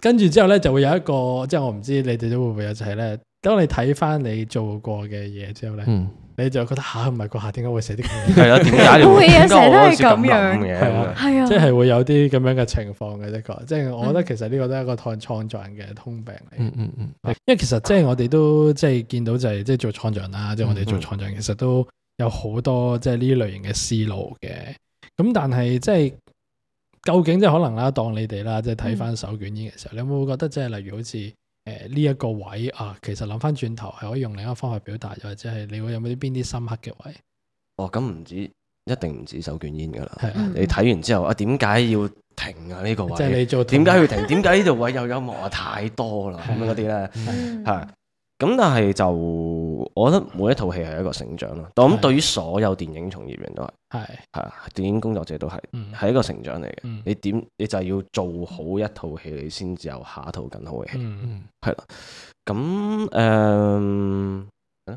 跟住之後咧，就會有一個，即係我唔知你哋都會唔會有，就係、是、咧，當你睇翻你做過嘅嘢之後咧，嗯、你就覺得吓，唔係個客點解會寫啲咁嘅嘢？係啊，點解點解會咁 樣嘅？係 嗎啊，即係會有啲咁樣嘅情況嘅的確。即係我覺得其實呢個都係一個創創作人嘅通病嚟、嗯嗯。嗯嗯，因為其實即係我哋都即係見到就係即係做創作人啦，即係、嗯、我哋做創作人其實都。有好多即係呢類型嘅思路嘅，咁但係即係究竟即係可能啦，當你哋啦即係睇翻手捲煙嘅時候，你有冇覺得即係例如好似誒呢一個位啊，其實諗翻轉頭係可以用另一個方法表達，又或者係你會有冇啲邊啲深刻嘅位？哦，咁、嗯、唔止一定唔止手捲煙噶啦，啊、你睇完之後啊，點解要停啊？呢、這個位，即係你做點解要停？點解呢度位又有磨啊？太多啦，咁樣嗰啲咧，係咁，但係就。我覺得每一套戲係一個成長咯，但我諗對於所有電影從業員都係，係啊的，電影工作者都係，係、嗯、一個成長嚟嘅。你點，你就係要做好一套戲，你先至有下一套更好嘅戲，係啦、嗯。咁、嗯、誒，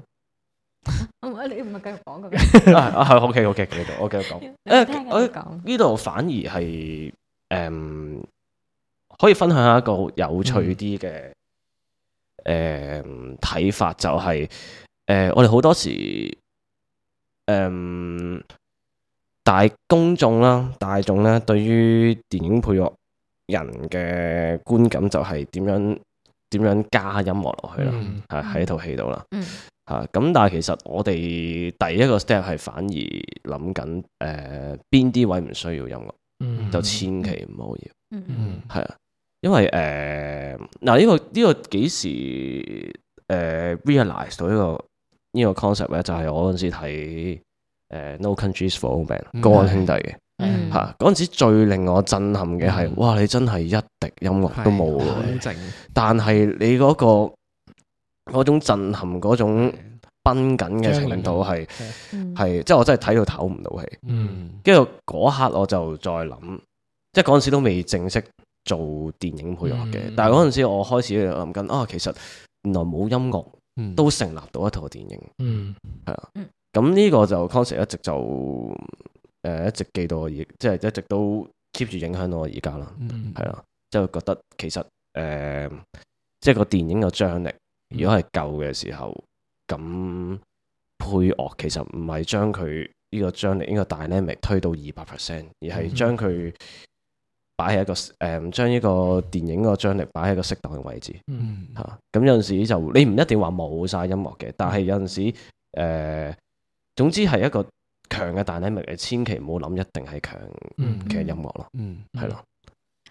我你唔係繼續講嘅咩？啊係，OK OK，呢度我繼續講誒，我呢度反而係誒、嗯，可以分享一個有趣啲嘅誒睇法，就係、是。誒、呃，我哋好多時，誒、呃，大公眾啦、大眾咧，對於電影配樂人嘅觀感就係點樣？點樣加音樂落去啦？係喺套戲度啦。吓咁、嗯啊，但係其實我哋第一個 step 係反而諗緊，誒、呃，邊啲位唔需要音樂，嗯、就千祈唔好要。係啊、嗯嗯，因為誒，嗱呢個呢個幾時誒 realize 到呢個？這個這個呢個 concept 咧就係我嗰陣時睇、呃、No Countries for Old Man 高安兄弟嘅嚇，嗰陣、嗯、時最令我震撼嘅係，嗯、哇！你真係一滴音樂都冇，但係你嗰、嗰個嗰種震撼、嗰種繃緊嘅程度係係，即係我真係睇到唞唔到氣。嗯，跟住嗰刻我就再諗，即係嗰陣時都未正式做電影配樂嘅，嗯、但係嗰陣時我開始諗緊啊，其實原來冇音樂。都成立到一套電影，嗯，係啦，咁呢個就 con 一直就誒、呃、一直記到我，即係一直都 keep 住影響到我而家啦，係、嗯、即係覺得其實誒、呃、即係個電影嘅張力，如果係舊嘅時候，咁、嗯、配樂其實唔係將佢呢個張力呢、呢個 dynamic 推到二百 percent，而係將佢。嗯嗯擺喺一個誒，將、嗯、呢個電影個張力擺喺個適當嘅位置，吓咁、嗯啊、有陣時就你唔一定話冇晒音樂嘅，但係有陣時誒、呃，總之係一個強嘅大 theme 咪你千祈唔好諗一定係強嘅音樂咯、嗯，嗯，係、嗯、咯，啦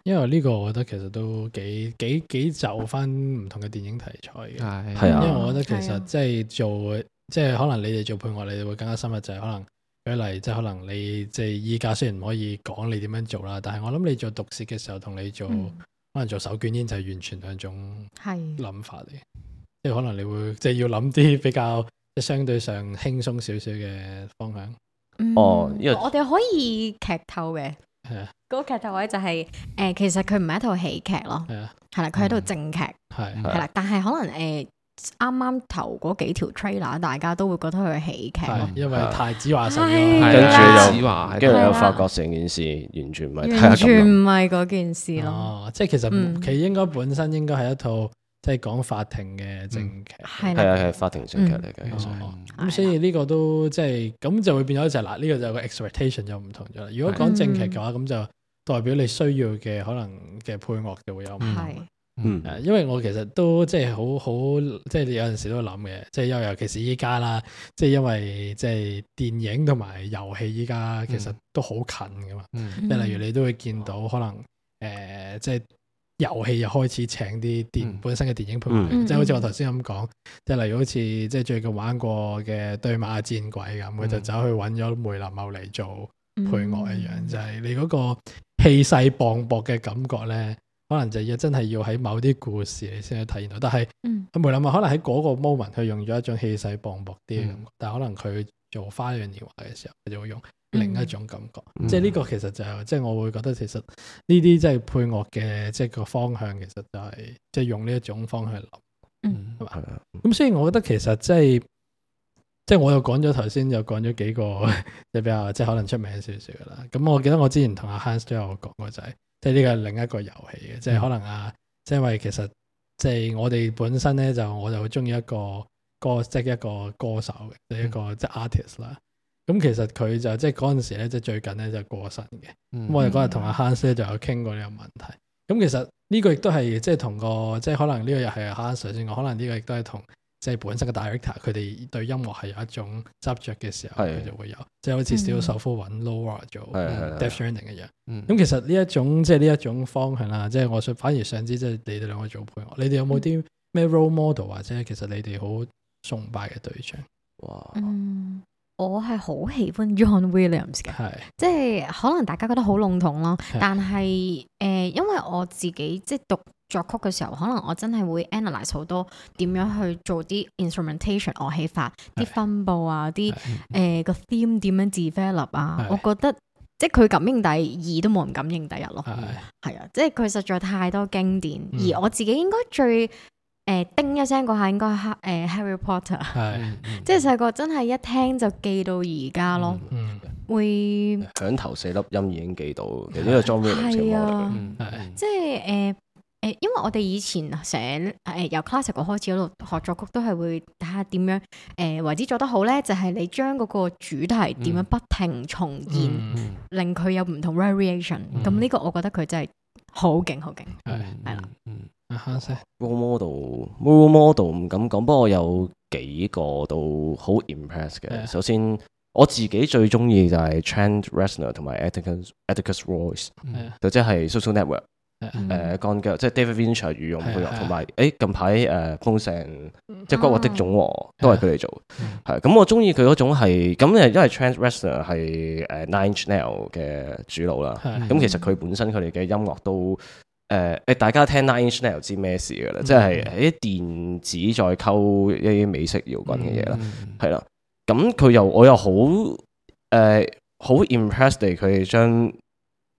因為呢個我覺得其實都幾幾幾就翻唔同嘅電影題材嘅，係啊、嗯，因為我覺得其實即係做即係、啊、可能你哋做配樂，你哋會更加深入就係、是、可能。舉例，即係可能你即係依家雖然唔可以講你點樣做啦，但係我諗你做毒舌嘅時候同你做、嗯、可能做手捲煙就係完全兩種諗法嚟，是即係可能你會即係要諗啲比較即係相對上輕鬆少少嘅方向。哦、嗯，因為我哋可以劇透嘅，嗰的個劇透位就係、是、誒、呃，其實佢唔係一套喜劇咯，係啦的，佢係一套正劇，係啦、嗯的，但係可能誒。呃啱啱頭嗰幾條 trailer，大家都會覺得佢係喜劇，因為太子華神咯，跟住太子華，跟住又發覺成件事完全唔係，完全唔係嗰件事咯。即係其實佢應該本身應該係一套即係講法庭嘅正劇，係係係法庭正劇嚟嘅。咁所以呢個都即係咁就會變咗就係嗱，呢個就個 expectation 就唔同咗。如果講正劇嘅話，咁就代表你需要嘅可能嘅配樂就會有唔同。嗯，誒，因為我其實都即係好好，即係有陣時都諗嘅，即係尤尤其是依家啦，即係因為即係電影同埋遊戲依家其實都好近噶嘛嗯。嗯，即係例如你都會見到可能誒、呃，即係遊戲又開始請啲電、嗯、本身嘅電影配樂、嗯嗯，即係好似我頭先咁講，即係例如好似即係最近玩過嘅《對馬戰鬼》咁，佢就走去搵咗梅林茂嚟做配樂一樣，嗯嗯、就係你嗰個氣勢磅礴嘅感覺咧。可能就真要真係要喺某啲故事你先去體驗到，但係梅林話可能喺嗰個 moment 佢用咗一種氣勢磅礴啲，嘅感覺、嗯、但可能佢做花樣年華嘅時候佢就會用另一種感覺，嗯、即係呢個其實就即、是、係、嗯、我會覺得其實呢啲即係配樂嘅即係個方向，其實就係即係用呢一種方向諗，係嘛？咁所以我覺得其實即係即係我又講咗頭先又講咗幾個即係、就是、比較即係、就是、可能出名少少噶啦，咁我記得我之前同阿 Hanz 都有講過就係、是就是。就是即係呢個係另一個遊戲嘅，即係可能啊，即係因為其實即係我哋本身咧就我就好中意一個歌即係、就是、一個歌手嘅、就是嗯，即係一個即係 artist 啦。咁其實佢就即係嗰陣時咧，即係最近咧就是、過身嘅。咁、嗯、我哋嗰日同阿 Hans 咧就有傾過呢個問題。咁、嗯嗯、其實呢個亦都係即係同個即係可能呢個又係阿 Hans 先講，可能呢個亦都係同。即係本身嘅 director，佢哋對音樂係有一種執着嘅時候，佢的就會有，即係好似小首富揾 lower 做 d e p a i 嘅嘢。咁其實呢一種即係呢一種方向啦，嗯、即係我想反而想知，即係你哋兩個做配樂，你哋有冇啲咩 role model 或者其實你哋好崇拜嘅對象？哇！嗯、我係好喜歡 John Williams 嘅，的即係可能大家覺得好籠統咯，的但係誒、呃，因為我自己即係讀。作曲嘅時候，可能我真係會 analyze 好多點樣去做啲 instrumentation 樂器法，啲分布啊，啲誒個 theme 點樣 develop 啊，我覺得即係佢感應第二都冇人感應第一咯，係啊，即係佢實在太多經典，而我自己應該最誒叮一聲嗰下應該係誒 Harry Potter，係即係細個真係一聽就記到而家咯，嗯，會響頭四粒音已經記到，其實呢個 John 係啊，即係誒。誒，因為我哋以前成日誒由 classic 嗰開始喺度學作曲都看看，都係會睇下點樣誒為之做得好咧。就係、是、你將嗰個主題點樣不停重現，嗯、令佢有唔同 variation、嗯。咁呢、嗯、個我覺得佢真係好勁，好勁。係係啦，嗯 role model, role model，唔敢講，不過我有幾個都好 impress 嘅。嗯嗯、首先，我自己最中意、e e 嗯嗯、就係 Trent Reznor 同埋 Atticus Atticus Ross，就即係 Social Network。誒鋼殼即係 David Fincher 御用配樂，同埋誒近排誒、呃、風盛即係骨肉的總和都係佢哋做嘅，咁的我中意佢嗰種係咁誒，因為 Trent Reznor 係誒 Nine Inch Nails 嘅主腦啦，咁其實佢本身佢哋嘅音樂都誒誒、呃，大家聽 Nine Inch Nails 知咩事嘅啦，即係啲電子再溝一啲美式搖滾嘅嘢啦，係啦、嗯，咁佢又我又好誒、呃、好 impressed 佢哋將。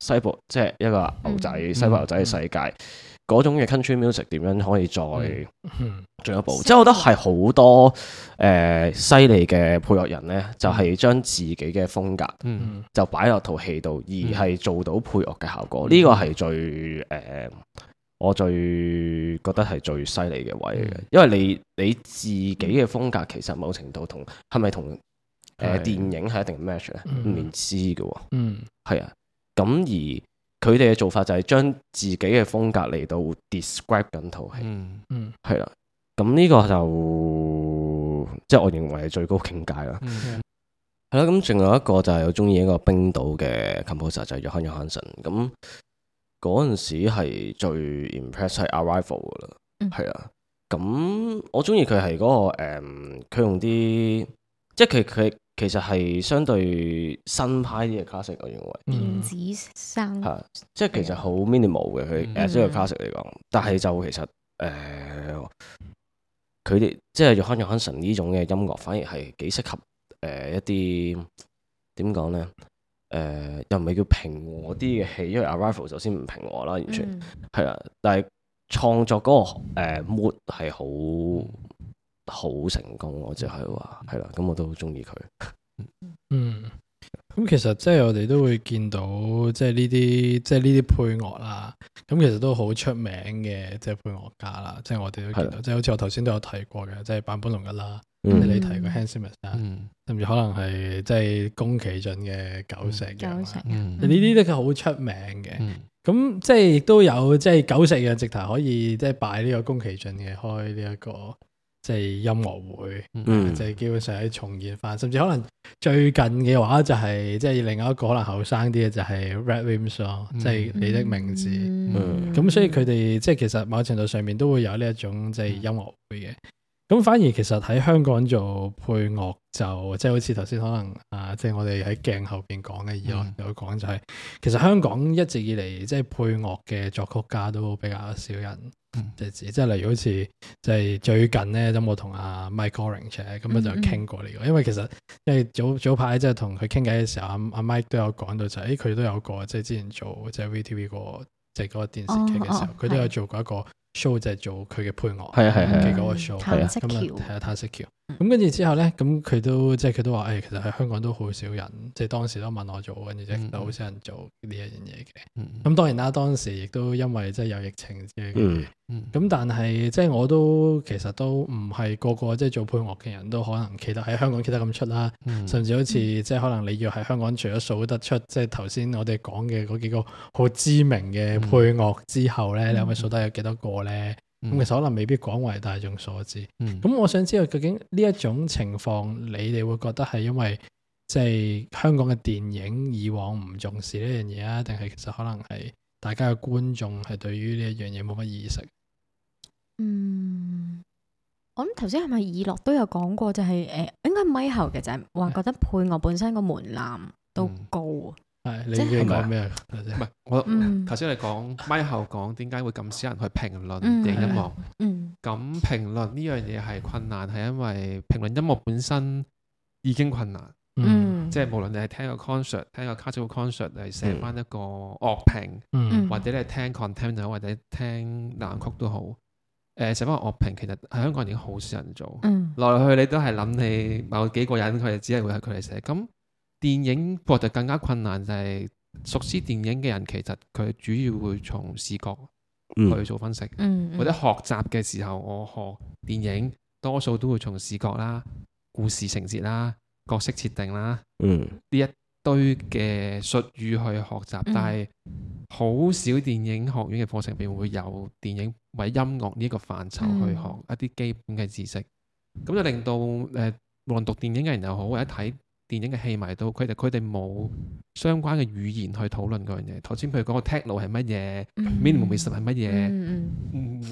西部即係一個牛仔，西部牛仔嘅世界，嗰種嘅 country music 點樣可以再進一步？即係我覺得係好多誒，犀利嘅配樂人咧，就係將自己嘅風格就擺落套戲度，而係做到配樂嘅效果。呢個係最誒，我最覺得係最犀利嘅位。因為你你自己嘅風格，其實某程度同係咪同誒電影係一定 match 咧？唔知㗎，嗯，係啊。咁而佢哋嘅做法就係將自己嘅風格嚟到 describe 緊套戲，係啦、嗯。咁、嗯、呢個就即係、就是、我認為係最高境界啦。係啦、嗯。咁仲有一個就係我中意一個冰島嘅 composer 就係約翰約翰遜。咁嗰陣時係最 impress 係 arrival 噶啦。係啊。咁我中意佢係嗰個誒，佢、嗯、用啲即係佢佢。其實係相對新派啲嘅 classic，我認為電子生，即係、嗯、Yeah, 其實好 minimal 嘅。佢 as a、嗯、classic 嚟講，但係就其實誒，佢、呃、哋即係約翰約翰遜呢種嘅音樂，反而係幾適合誒、呃、一啲點講咧？誒、呃，又唔係叫平和啲嘅戲，因為 Arrival 首先唔平和啦，完全係啊、嗯。但係創作嗰、那個誒、呃、mood 係好。好成功，我就係話係啦，咁我都好中意佢。嗯，咁其實即係我哋都會見到，即係呢啲即係呢啲配樂啦。咁其實都好出名嘅，即係配樂家啦。即係我哋都見到，即係好似我頭先都有提過嘅，即係版本龍吉啦。咁你提過 Hans Zimmer，甚至可能係即係宮崎駿嘅久石嘅。呢啲都係好出名嘅。咁即係都有，即係久石嘅直頭可以即係擺呢個宮崎駿嘅開呢一個。即係音樂會，嗯，即係基本上喺重現翻，甚至可能最近嘅話就係即係另外一個可能後生啲嘅就係 RADWIMPS 即係你的名字，嗯，咁所以佢哋即係其實某程度上面都會有呢一種即係音樂會嘅，咁反而其實喺香港做配樂就即係好似頭先可能啊，即係我哋喺鏡後邊講嘅，有有講就係，嗯，其實香港一直以嚟即係配樂嘅作曲家都比較少人。即係即係，例如好似即係最近咧，有冇同阿 Mike Orange 咁樣就傾過呢個？因為其實因為早早排即係同佢傾偈嘅時候，阿阿 Mike 都有講到就，誒佢都有個即係之前做即係 VTV 個即係嗰個電視劇嘅時候，佢都有做過一個 show，就係做佢嘅配樂，係啊係啊係啊，睇下《泰式橋》。咁跟住之後咧，咁佢都即係佢都話，誒、哎、其實喺香港都好少人，即係當時都問我做，跟住即都好少人做呢一樣嘢嘅。咁、嗯、當然啦，當時亦都因為即係有疫情之類嘅。咁、嗯嗯、但係即係我都其實都唔係個個即係做配樂嘅人都可能企得喺香港企得咁出啦。嗯、甚至好似即係可能你要喺香港除咗數得出，即係頭先我哋講嘅嗰幾個好知名嘅配樂之後咧，嗯嗯、你有冇數得有幾多個咧？咁其實可能未必廣為大眾所知。咁、嗯、我想知道究竟呢一種情況，你哋會覺得係因為即係、就是、香港嘅電影以往唔重視呢樣嘢啊，定係其實可能係大家嘅觀眾係對於呢一樣嘢冇乜意識？嗯，我諗頭先係咪以諾都有講過，就係、是、誒、呃，應該咪後嘅就係話覺得配樂本身個門檻都高、嗯係，你係講咩？唔係我頭先、嗯、你講，咪、嗯、後講點解會咁少人去評論電影音樂？咁評論呢樣嘢係困難，係因為評論音樂本身已經困難。嗯，即係無論你係聽個 concert、聽個 casual concert 你嚟寫翻一個樂評，嗯嗯、或者你係聽 content 又或者聽藍曲都好，誒、呃、寫翻個樂評，其實喺香港已經好少人做。嗯，來來去去你都係諗起某幾個人，佢哋只係會喺佢哋寫咁。電影博實更加困難，就係、是、熟識電影嘅人，其實佢主要會從視覺去做分析。嗯、或者學習嘅時候，我學電影多數都會從視覺啦、故事情節啦、角色設定啦呢、嗯、一堆嘅術語去學習，嗯、但係好少電影學院嘅課程入邊會有電影或者音樂呢一個範疇去學一啲基本嘅知識。咁、嗯、就令到誒、呃，無論讀電影嘅人又好，或者睇。電影嘅戲迷都佢哋佢哋冇相關嘅語言去討論嗰樣嘢。頭先譬如講個 techno 係乜嘢，minimalism 係乜嘢，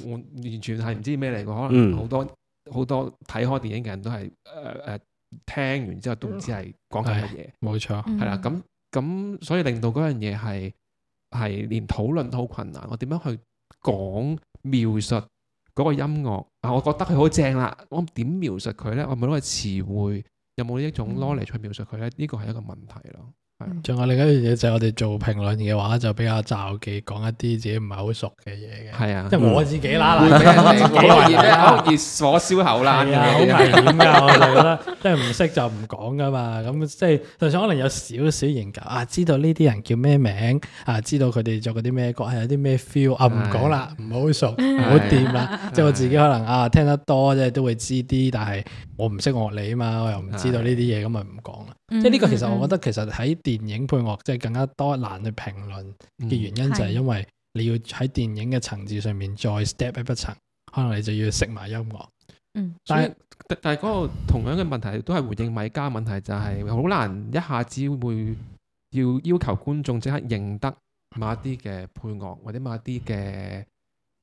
我完全係唔知咩嚟嘅。可能好多好、嗯、多睇開電影嘅人都係誒誒聽完之後都唔知係講緊乜嘢。冇錯，係啦。咁咁所以令到嗰樣嘢係係連討論都好困難。我點樣去講描述嗰個音樂？啊，我覺得佢好正啦。我點描述佢咧？我咪攞個詞彙。有冇一種 logic 去描述佢咧？呢個，係一個問題咯。仲有另一樣嘢就係、是、我哋做評論嘅話，就比較就忌講一啲自己唔係好熟嘅嘢嘅。係 啊，即係我自己啦，熱 火燒喉啦，好危險㗎！我覺得即係唔識就唔講㗎嘛。咁即係就算可能有少少研究啊，知道呢啲人叫咩名啊，知道佢哋做嗰啲咩歌係有啲咩 feel 啊，唔、啊、講啦，唔的好熟，唔好掂啦。即係我自己可能啊聽得多，即係都會知啲，但係我唔識樂理啊嘛，我又唔知道呢啲嘢，咁咪唔講啦。嗯。嗯、即係呢個其實，我覺得其實喺電影配樂，即係更加多難去評論嘅原因，就係因為你要喺電影嘅層次上面再 step 一一層，可能你就要識埋音樂。嗯，但係、嗯、但係嗰個同樣嘅問題，都係回應米迦問題，就係好難一下子會要要求觀眾即刻認得某一啲嘅配樂或者某一啲嘅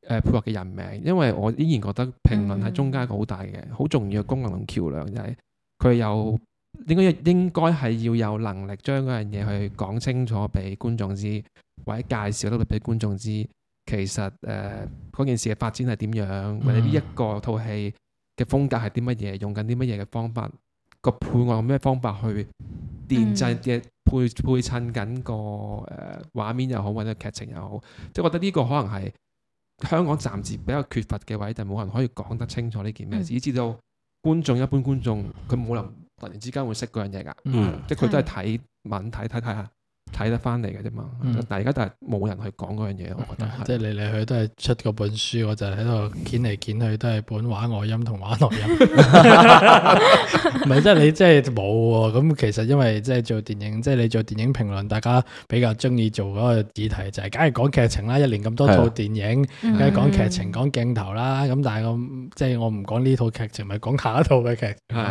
誒配樂嘅人名，因為我依然覺得評論喺中間一個好大嘅、好、嗯、重要嘅功能同橋梁就、嗯，就係佢有。應該應該係要有能力將嗰樣嘢去講清楚俾觀眾知，或者介紹都俾觀眾知，其實誒嗰、呃、件事嘅發展係點樣，或者呢一個套戲嘅風格係啲乜嘢，用緊啲乜嘢嘅方法，個配樂用咩方法去電製嘅配配襯緊個誒畫面又好，或者劇情又好，即係覺得呢個可能係香港暫時比較缺乏嘅位，就冇、係、人可以講得清楚呢件嘢，以至到觀眾一般觀眾佢冇能。突然之間會識嗰樣嘢㗎，嗯，即係佢都係睇文睇睇睇下。的睇得翻嚟嘅啫嘛，嗯、但係而家就係冇人去講嗰樣嘢，嗯、我覺得、嗯、是即係嚟嚟去都係出嗰本書，嗯、我就喺度剪嚟剪去都係本畫外音同畫內音，唔係即係你即係冇咁其實因為即係做電影即係你做電影評論，大家比較中意做嗰個主題就係、是，梗係講劇情啦，一年咁多套電影，梗係講劇情講鏡、嗯、頭啦，咁但係我，即係我唔講呢套劇情，咪、就、講、是、下一套嘅劇情，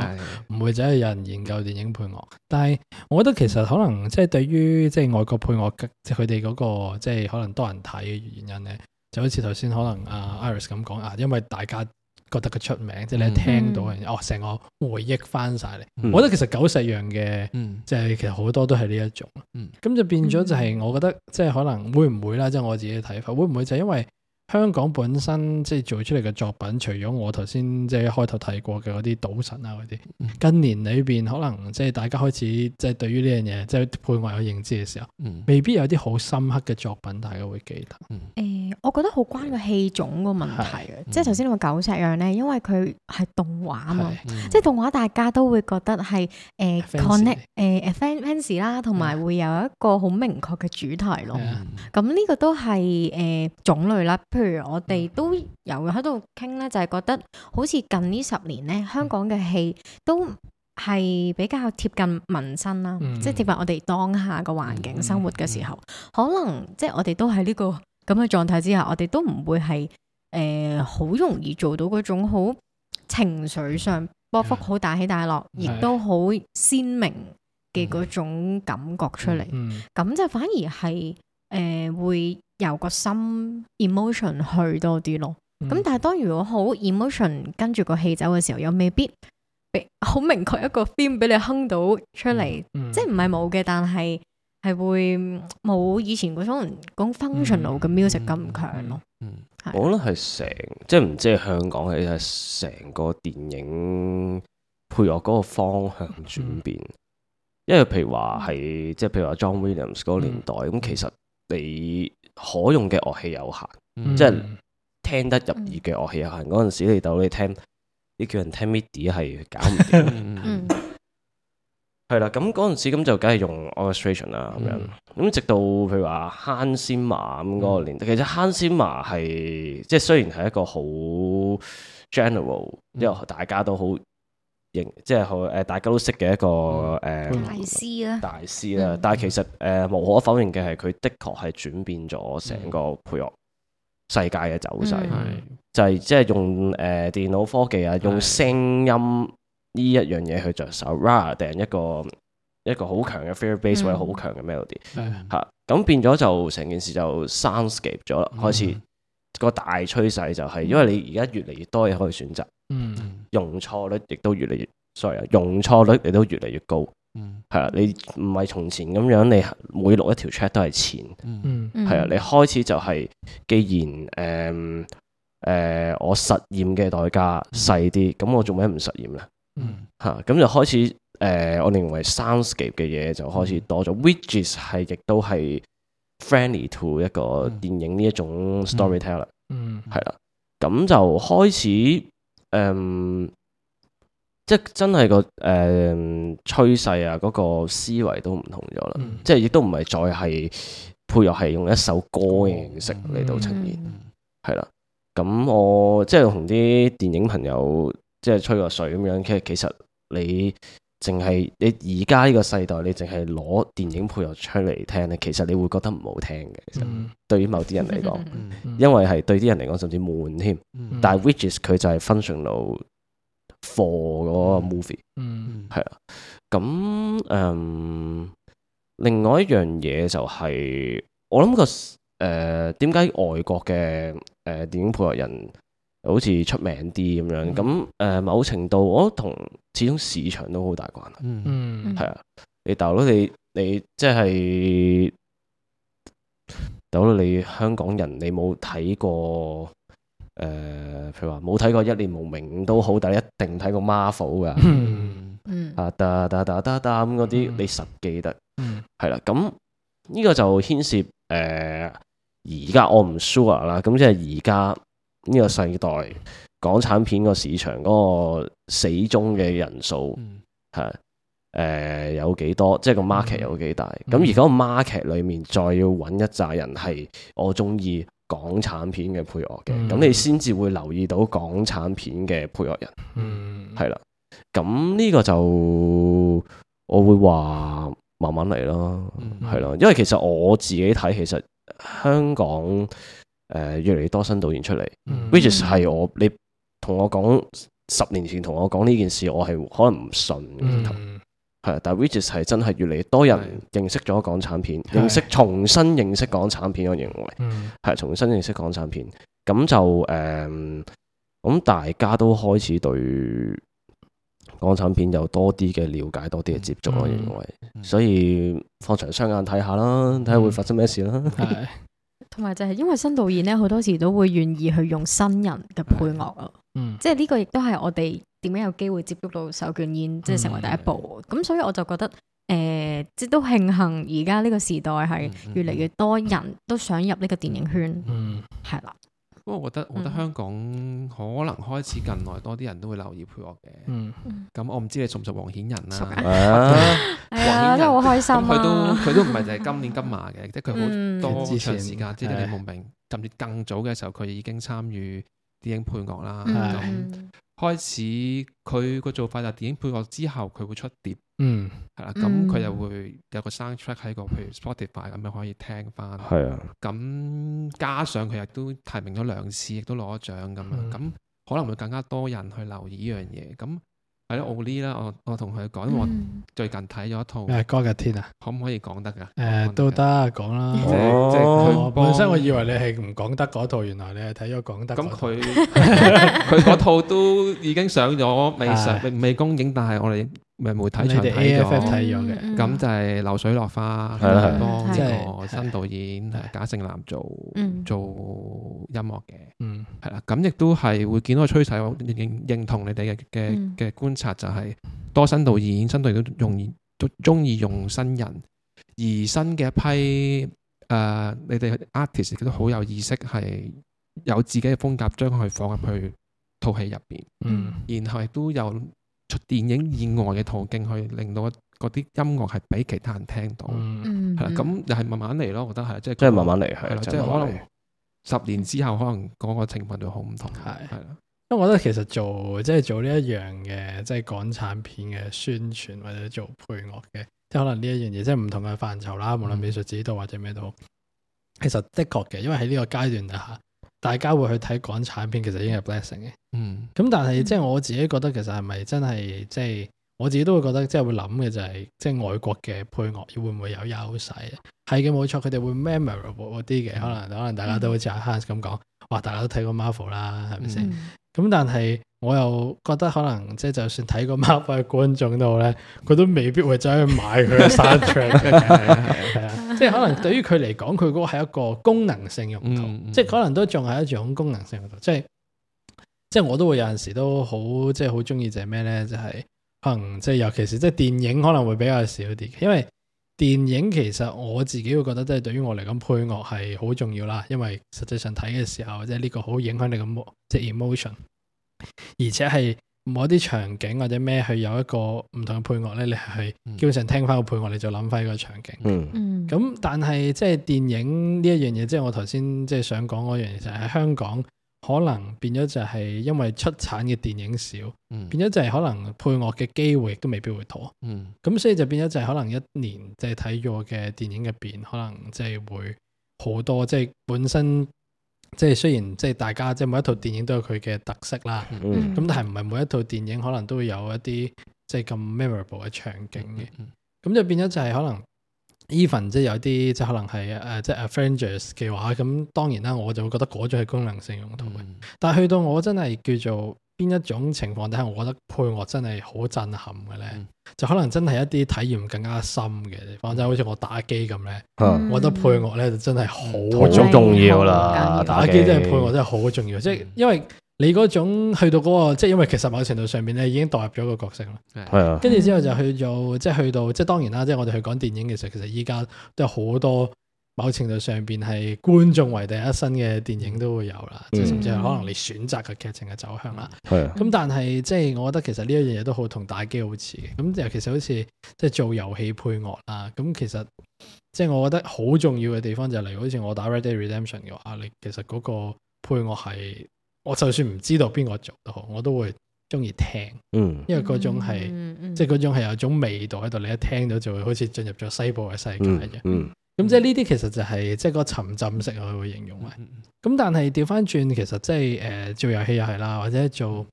唔會真係有人研究電影配樂，但係我覺得其實可能即係對於。即係外國配樂，即係佢哋嗰個即係、就是、可能多人睇嘅原因咧，就好似頭先可能阿 Iris 咁講啊，因為大家覺得佢出名，即、就、係、是、你一聽到、嗯、哦，成個回憶翻晒嚟。嗯、我覺得其實九十樣嘅，即係、嗯、其實好多都係呢一種。咁、嗯、就變咗就係，我覺得即係、就是、可能會唔會啦，即、就、係、是、我自己嘅睇法，會唔會就係因為？香港本身即係做出嚟嘅作品，除咗我頭先即係開頭提過嘅嗰啲《賭神》啊嗰啲，近年裏邊可能即係大家開始即係對於呢樣嘢即係配樂嘅認知嘅時候，未必有啲好深刻嘅作品大家會記得。誒，我覺得好關個戲種個問題即係頭先你話《九尺羊》咧，因為佢係動畫啊嘛，即係動畫大家都會覺得係誒 connect 誒 fancy 啦，同埋會有一個好明確嘅主題咯。咁呢個都係誒種類啦。譬如我哋都有喺度傾咧，就係、是、覺得好似近呢十年咧，香港嘅戲都係比較貼近民生啦，嗯、即係貼合我哋當下嘅環境生活嘅時候，嗯嗯嗯、可能即係我哋都喺呢、這個咁嘅狀態之下，我哋都唔會係誒好容易做到嗰種好情緒上波幅好大起大落，亦、嗯、都好鮮明嘅嗰種感覺出嚟。咁、嗯嗯嗯、就反而係誒、呃、會。由個心 emotion 去多啲咯，咁、嗯、但係當如果好 emotion 跟住個戲走嘅時候，又未必好明確一個 theme 俾你哼到出嚟，嗯、即係唔係冇嘅，但係係會冇以前嗰種咁 functional 嘅 music 咁強咯。嗯，嗯嗯的我覺得係成即係唔知係香港係成個電影配樂嗰個方向轉變，嗯、因為譬如話係即係譬如話 John Williams 嗰個年代，咁、嗯嗯嗯、其實你。可用嘅樂器有限，嗯、即係聽得入耳嘅樂器有限嗰陣、嗯、時，你到你聽你叫人聽 midi 係搞唔掂，係啦、嗯。咁嗰陣時咁就梗係用 orchestration 啦咁樣。咁、嗯、直到譬如話 Hans Zimmer 咁嗰個年代，嗯、其實 Hans Zimmer 係即係雖然係一個好 general，因為大家都好。型即係好，誒，大家都識嘅一個誒大師啦，大師啦。但係其實誒，無可否認嘅係佢的確係轉變咗成個配樂世界嘅走勢，係、嗯、就係即係用誒電腦科技啊，嗯、用聲音呢一樣嘢去着手、嗯、，rather 定一個一個好強嘅 fear base 或者，好強嘅 melody 吓，咁是變咗就成件事就 soundscape 咗啦，嗯、開始個大趨勢就係，因為你而家越嚟越多嘢可以選擇。嗯，容錯率亦都越嚟越，sorry 啊，容錯率亦都越嚟越高。嗯，係啊，你唔係從前咁樣，你每錄一條 check 都係錢。嗯，係啊，你開始就係，既然誒誒、嗯呃，我實驗嘅代價細啲，咁我做咩唔實驗咧？嗯，吓、啊，咁就開始誒、呃，我認為 soundscape 嘅嘢就開始多咗，which is 係亦都係 friendly to 一個電影呢一種 storyteller、嗯。嗯，係、嗯、啦，咁、嗯啊、就開始。誒，um, 即係真係、那個誒趨勢啊，嗰、那個思維都唔同咗啦，嗯、即係亦都唔係再係配樂係用一首歌嘅形式嚟到呈現，係啦、嗯。咁我即係同啲電影朋友即係吹個水咁樣，其實其實你。淨係你而家呢個世代，你淨係攞電影配樂出嚟聽咧，其實你會覺得唔好聽嘅。其實對於某啲人嚟講， 因為係對啲人嚟講甚至悶添。 但係 which is 佢就係 functional for 嗰個 movie，係啊。 咁嗯，另外一樣嘢就係、是、我諗個誒、點、呃、解外國嘅誒、呃、電影配樂人？好似出名啲咁樣，咁誒、呃，某程度我同始終市場都好大關係。嗯係啊，你大佬你你即、就、係、是，大佬你香港人，你冇睇過誒、呃，譬如話冇睇過《一念無明》都好，但你一定睇過 Marvel 噶，啊噠噠噠噠噠咁嗰啲，嗯、你實記得，係啦、嗯。咁呢、嗯、個就牽涉誒，而、呃、家我唔 sure 啦。咁即係而家。呢個世代港產片個市場嗰個死忠嘅人數係誒有幾多？即係個 market 有幾大？咁而家個 market 裏面再要揾一紮人係我中意港產片嘅配樂嘅，咁、嗯、你先至會留意到港產片嘅配樂人。係、嗯、啦，咁呢個就我會話慢慢嚟咯，係咯、嗯嗯，因為其實我自己睇，其實香港。誒、呃，越嚟越多新導演出嚟 which is 係我你同我講十年前同我講呢件事，我係可能唔信，係、嗯，但 which is 係真係越嚟越多人認識咗港產片，的認識重新認識港產片，我認為係重新認識港產片，咁就誒，咁大家都開始對港產片有多啲嘅了解，多啲嘅接觸，我認為，嗯嗯、所以放長雙眼睇下啦，睇下會發生咩事啦，係、嗯。嗯嗯嗯同埋就係，因為新導演咧，好多時都會願意去用新人嘅配樂啊，嗯、即係呢個亦都係我哋點樣有機會接觸到手捲煙，即、就、係、是、成為第一步。咁、嗯、所以我就覺得，誒、呃，即都慶幸而家呢個時代係越嚟越多人都想入呢個電影圈，係、嗯嗯、啦。因為我覺得，我覺得香港可能開始近來多啲人都會留意配樂嘅。嗯，咁我唔知你熟唔熟黃衍仁啦。熟啊，黃衍仁真係好開心。佢都佢都唔係，就係今年金馬嘅，即係佢好多長時間，即係你冇明，甚至更早嘅時候，佢已經參與電影配樂啦。咁開始佢個做法就係電影配樂之後，佢會出碟。嗯，係啦，咁佢又會有個 soundtrack 喺個，譬如 Spotify 咁樣可以聽翻。係啊，咁加上佢亦都提名咗兩次，亦都攞咗獎咁啊，咁可能會更加多人去留意呢樣嘢。咁係咧，Oli 啦，我我同佢講，我最近睇咗一套《歌嘅天》啊，可唔可以講得噶？誒，都得講啦。哦，本身我以為你係唔講得嗰套，原來你係睇咗講得。咁佢佢嗰套都已經上咗未上未公映，但係我哋，咪媒體場睇嘅，咁、嗯嗯、就係流水落花，嗯嗯、幫呢個新導演、嗯、賈勝男做、嗯、做音樂嘅，係啦、嗯，咁亦都係會見到個趨勢，我認認同你哋嘅嘅嘅觀察，就係多新導演，新導演用中中意用新人，而新嘅一批誒、呃，你哋 artist 都好有意識，係有自己嘅風格，將佢放入去套戲入邊，嗯、然後亦都有出電影以外嘅途徑去令到嗰啲音樂係俾其他人聽到，係啦、嗯，咁又係慢慢嚟咯。我覺得係，即係、嗯、是慢慢嚟係，即係可能十年之後，嗯、可能嗰個情況就好唔同。係、嗯，係啦的，因為我覺得其實做即係、就是、做呢一樣嘅，即、就、係、是就是、港產片嘅宣傳或者做配樂嘅，即係可能呢一樣嘢，即係唔同嘅範疇啦。嗯、無論美術指導或者咩都好，其實的確嘅，因為喺呢個階段下。大家會去睇港產片，其實已經係 blessing 嘅。嗯，咁但係即係我自己覺得，其實係咪真係即係我自己都會覺得，即、就、係、係、會諗嘅就係，即係外國嘅配樂會唔會有優勢？係嘅，冇錯，佢哋會 memorable 啲嘅。嗯、可能可能大家都好似阿 Hans 咁講，哇！大家都睇過 Marvel 啦，係咪先？咁、嗯、但係。我又覺得可能即係就算睇個 map 嘅觀眾都好咧，佢都未必會走去買佢嘅 soundtrack 係啊， 即係可能對於佢嚟講，佢嗰個係一個功能性用途，嗯嗯，即係可能都仲係一種功能性用途，即係即係我都會有陣時都好，即係好中意就係咩咧，就係、是、可能即係尤其是即係電影可能會比較少啲，因為電影其實我自己會覺得即係對於我嚟講配樂係好重要啦，因為實際上睇嘅時候即係呢個好影響你嘅即係 emotion。而且係某一啲場景或者咩去有一個唔同嘅配樂咧，你係去基本上聽翻個配樂，你就諗翻個場景。嗯，咁但係即係電影呢一樣嘢，即係我頭先即係想講嗰樣嘢就係香港可能變咗就係因為出產嘅電影少，嗯、變咗就係可能配樂嘅機會都未必會多。嗯，咁所以就變咗就係可能一年即係睇過嘅電影入邊，可能即係會好多即係本身。即係雖然即係大家即係每一套電影都有佢嘅特色啦，咁、mm hmm. 但係唔係每一套電影可能都會有一啲即係咁 memorable 嘅場景嘅，咁、mm hmm. 就變咗就係可能 even 即係有啲即係可能係誒、呃、即係 Avengers 嘅話，咁當然啦，我就會覺得嗰種係功能性用途嘅，mm hmm. 但係去到我真係叫做。邊一種情況底下，我覺得配樂真係好震撼嘅咧，嗯、就可能真係一啲體驗更加深嘅地方，就好似我打機咁咧，嗯、我覺得配樂咧就真係好重要啦，嗯、打機真係配樂真係好重要，即係因為你嗰種去到嗰、嗰個，即係因為其實某程度上面咧已經代入咗個角色啦，係啊，跟住之後就去做，嗯、即係去到，即係當然啦，即係我哋去講電影嘅時候，其實依家都有好多。某程度上邊係觀眾為第一身嘅電影都會有啦，即係、嗯、甚至係可能你選擇嘅劇情嘅走向啦。係咁、嗯嗯，但係即係我覺得其實呢一樣嘢都好同打機好似嘅。咁尤其好似即係做遊戲配樂啦。咁其實即係我覺得好重要嘅地方就係、是、例如好似我打 Red Dead Redemption 嘅話，你其實嗰個配樂係，我就算唔知道邊個做都好，我都會中意聽嗯嗯。嗯，因為嗰種係，即係嗰種係有種味道喺度，你一聽到就會好似進入咗西部嘅世界嘅、嗯。嗯。嗯咁即係呢啲其實就係即係個沉浸式，去會形容咪。咁、嗯、但係調返轉，其實即係誒做遊戲又係啦，或者做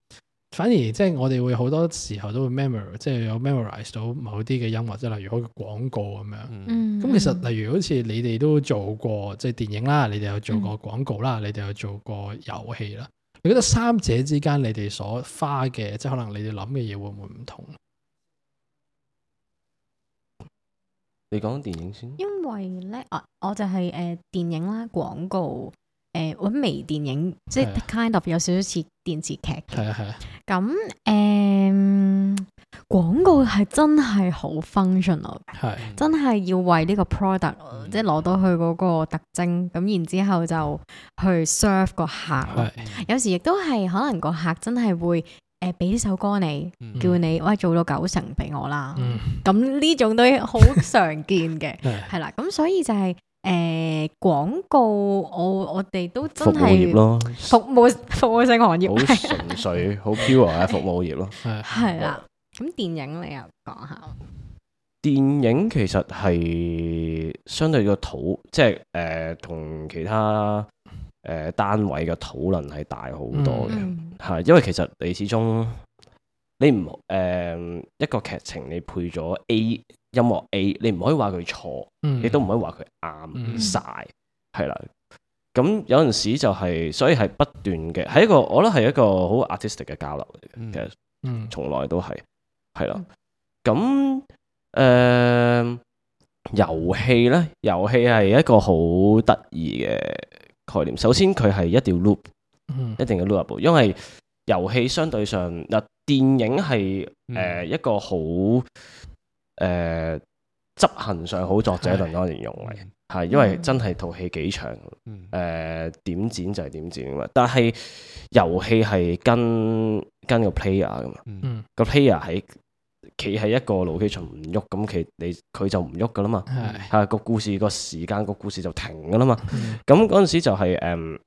反而即係我哋會好多時候都會 memor 即係有 memorize 到某啲嘅音樂，即係例如好個廣告咁樣。咁、嗯嗯、其實例如好似你哋都做過即係、就是、電影啦，你哋又做過廣告啦，嗯、你哋又做過遊戲啦。嗯、你覺得三者之間你哋所花嘅即係可能你哋諗嘅嘢會唔會唔同？你講電影先，因為咧，我我就係、是、誒、呃、電影啦、廣告誒揾、呃、微電影，即係 kind of 有少少似電視劇。係啊係啊。咁誒、呃、廣告係真係好 functional，係的真係要為呢個 product 即係攞到佢嗰個特徵，咁然之後就去 serve 個客。的有時亦都係可能個客真係會。誒，俾一首歌你，叫你，喂，做到九成俾我啦，咁呢種都好常見嘅，係啦，咁所以就係誒廣告，我我哋都真係服務服務服務性行業，好純粹好 pure 嘅服務業咯，係啦，咁電影你又講下？電影其實係相對個土，即係誒同其他。誒、呃、單位嘅討論係大好多嘅，係、嗯、因為其實你始終你唔誒、呃、一個劇情你配咗 A 音樂 A，你唔可以話佢錯，你都唔可以話佢啱晒，係、嗯、啦。咁有陣時就係、是，所以係不斷嘅，係一個我覺得係一個好 artistic 嘅交流嚟嘅，嗯、其實從來都係係啦。咁誒遊戲咧，遊戲係一個好得意嘅。概念首先佢係一定要 loop，、嗯、一定要 loopable 因為遊戲相對上，啊電影係誒、嗯呃、一個好誒、呃、執行上好作者能當然用嚟，係的的因為真係套戲幾長，誒、嗯呃、點剪就係點剪噶嘛，但係遊戲係跟跟個 player 噶嘛，個 player 喺。企喺一個樓梯層唔喐，咁其你佢就唔喐噶啦嘛，係吓個故事個時間個故事就停噶啦嘛。咁嗰陣時就係誒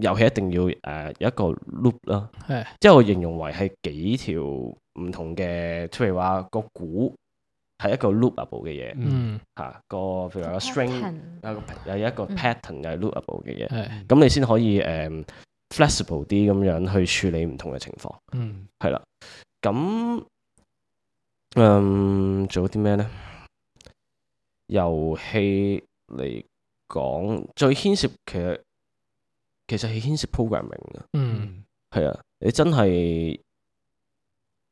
遊戲一定要誒有一個 loop 啦、啊，即係我形容為係幾條唔同嘅，譬如話個鼓係一個 loopable 嘅嘢，吓個譬如話個 string 有個有一個 pattern 又係 loopable 嘅嘢，咁你先可以誒 flexible 啲咁樣去處理唔同嘅情況，係啦，咁。嗯，做啲咩咧？遊戲嚟講，最牽涉其實其實係牽涉 programming 嘅。嗯，係啊，你真係誒、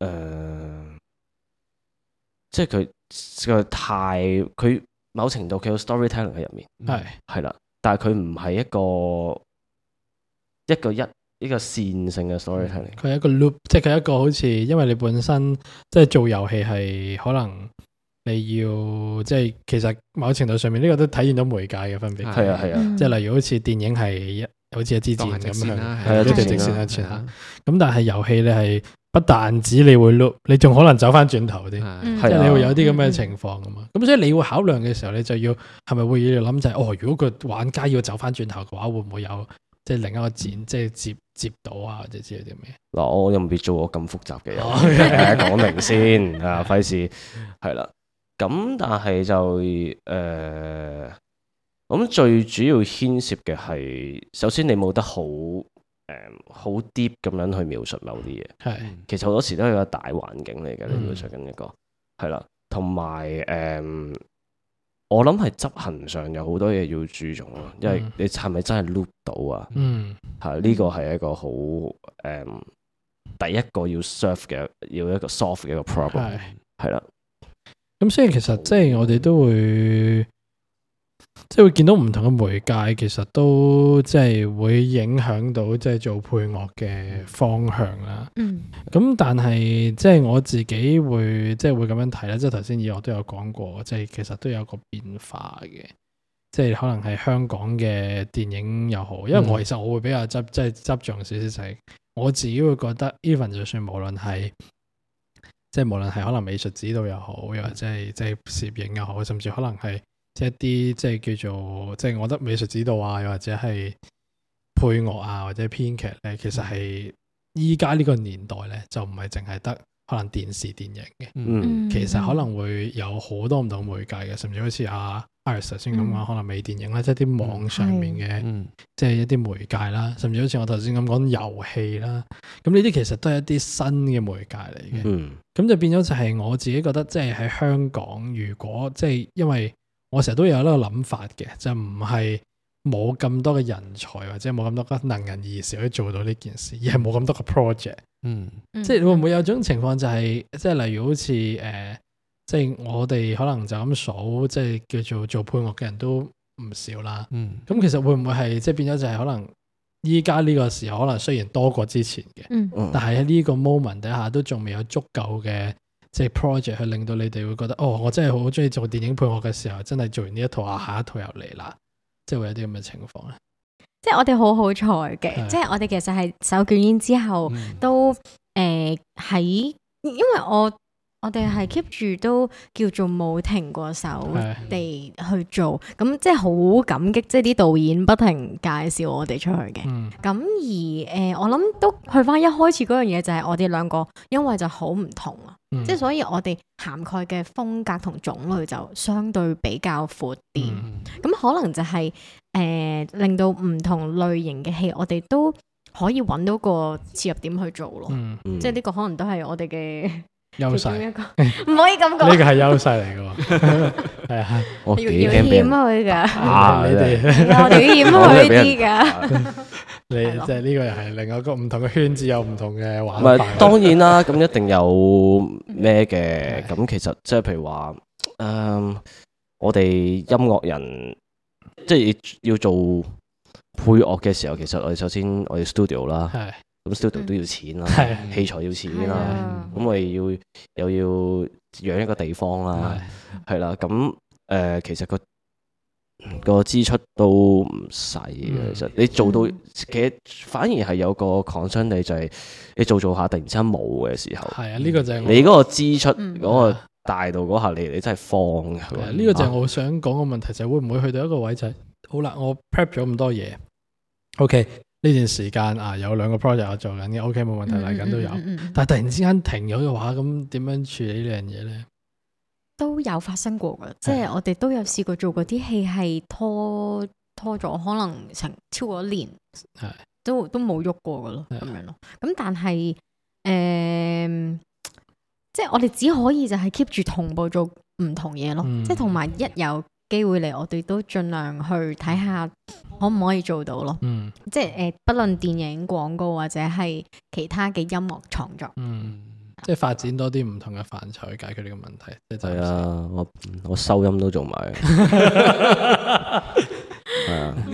呃，即係佢佢太佢某程度佢有 storytelling 喺入面。係係啦，但係佢唔係一個一個一。呢個線性嘅 story 係佢係一個 loop，即係佢一個好似，因為你本身即係做遊戲係可能你要即係，其實某程度上面呢個都體現到媒介嘅分別。係啊係啊，即係例如好似電影係一，好似一支箭咁樣，係啊直線向前。咁但係遊戲你係不但止你會 loop，你仲可能走翻轉頭啲，即係你會有啲咁嘅情況噶嘛。咁所以你會考量嘅時候你就要係咪會諗就係哦，如果個玩家要走翻轉頭嘅話，會唔會有即係另一個剪即係接？接到啊，或者知咗啲咩？嗱，我又唔別做我咁複雜嘅嘢？講、oh, okay, 明先， 啊，費事係啦。咁但係就誒，咁、呃、最主要牽涉嘅係，首先你冇得好誒好 deep 咁樣去描述某啲嘢，係是。其實好多時都係個大環境嚟嘅，你描述緊一個係啦，同埋誒。我諗係執行上有好多嘢要注重咯，因為你係咪真係 loop 到啊？嗯，係呢個係一個好誒，um, 第一個要 serve 嘅要一個 solve 嘅一個 problem，係啦是。咁所以其實好即係我哋都會。即係會見到唔同嘅媒介，其實都即係會影響到即係做配樂嘅方向啦。嗯，咁但係即係我自己會即係會咁樣睇咧，即係頭先以我都有講過，即係其實都有個變化嘅，即係可能係香港嘅電影又好，因為我其實我會比較執、嗯、即係執像執著少少，就係我自己會覺得 even 就算無論係即係無論係可能美術指導又好，又或者係即係攝影又好，甚至可能係。即係一啲即係叫做即係，就是、我覺得美術指導啊，又或者係配樂啊，或者編劇咧，其實係依家呢個年代咧，就唔係淨係得可能電視電影嘅，嗯、mm，hmm。其實可能會有好多唔同媒介嘅，甚至好似阿 Iris 先咁講，mm hmm。可能微電影啦，即係啲網上面嘅，即係、mm hmm. 一啲媒介啦，甚至好似我頭先咁講遊戲啦，咁呢啲其實都係一啲新嘅媒介嚟嘅，嗯、mm，咁、hmm。就變咗就係我自己覺得，即係喺香港，如果即係、就是、因為我成日都有呢個諗法嘅，就唔係冇咁多嘅人才或者冇咁多嘅能人異士做到呢件事，而係冇咁多嘅 project。嗯，即係會唔會有種情況就係，是，即係例如好似誒、呃，即係我哋可能就咁數，即係叫做做配樂嘅人都唔少啦。嗯，咁其實會唔會係即係變咗就係可能依家呢個時候可能雖然多過之前嘅，嗯嗯，但係喺呢個 moment 底下都仲未有足夠嘅。即係 project 去令到你哋會覺得哦，我真係好中意做電影配樂嘅時候，真係做完呢一套啊，下一套又嚟啦，即係會有啲咁嘅情況咧。即係我哋好好彩嘅，的即係我哋其實係手捲煙之後都誒喺、嗯呃，因為我。我哋係 keep 住都叫做冇停過手地去做，咁即係好感激，即係啲導演不停介紹我哋出去嘅。咁而誒，我諗都去翻一開始嗰樣嘢就係我哋兩個，因為就好唔同啊，即係所以我哋涵蓋嘅風格同種類就相對比較闊啲。咁可能就係誒令到唔同類型嘅戲，我哋都可以搵到個切入點去做咯。即係呢個可能都係我哋嘅。優勢一個，唔可以咁講。呢個係優勢嚟㗎喎，係啊，我要表現佢嘅。啊，你哋我表現佢啲嘅。你即係呢個又係另外一個唔同嘅圈子，有唔同嘅玩法。當然啦，咁一定有咩嘅。咁其實即係譬如話，嗯，我哋音樂人即係要做配樂嘅時候，其實我哋首先我哋 studio 啦。咁 studio、嗯嗯、都要錢啦、啊、器、啊、材要錢啦、啊，咁咪要又要養一個地方啦，係啦、嗯，咁誒、啊啊，其實、那個個支出都唔使嘅。 嗯、其實你做到，其實反而係有個 concern 你就係你做一做一下，突然之間冇嘅時候。係啊，呢、呢個就係你嗰個支出嗰個大到嗰下，你的你真係放嘅。呢的、呢個就係我想講嘅問題，就係會唔會去到一個位，就係、啊、好啦，我 prep 咗咁多嘢，OK。呢段時間啊，有兩個 project 做緊嘅，OK 冇問題嚟緊都有，但係突然之間停咗嘅話，咁點樣處理呢樣嘢咧？都有發生過嘅，是的 即係我哋都有試過做嗰啲戲係拖是的 拖咗，可能成超過一年，是的 都都冇喐過噶咯，咁是的 樣咯。咁但係誒、呃，即係我哋只可以就係 keep 住同步做唔同嘢咯，即係同埋一有。機會嚟，我哋都盡量去睇下可唔可以做到咯。嗯，呃、嗯，即係誒，不論電影、廣告或者係其他嘅音樂創作，嗯，即係發展多啲唔同嘅範疇去解決呢個問題。係、就是、啊，我我收音都做埋。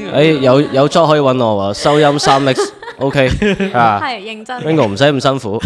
誒，有有 job 可以搵我喎，收音三 x o、okay、k 啊，係認真。Ringo 唔使咁辛苦。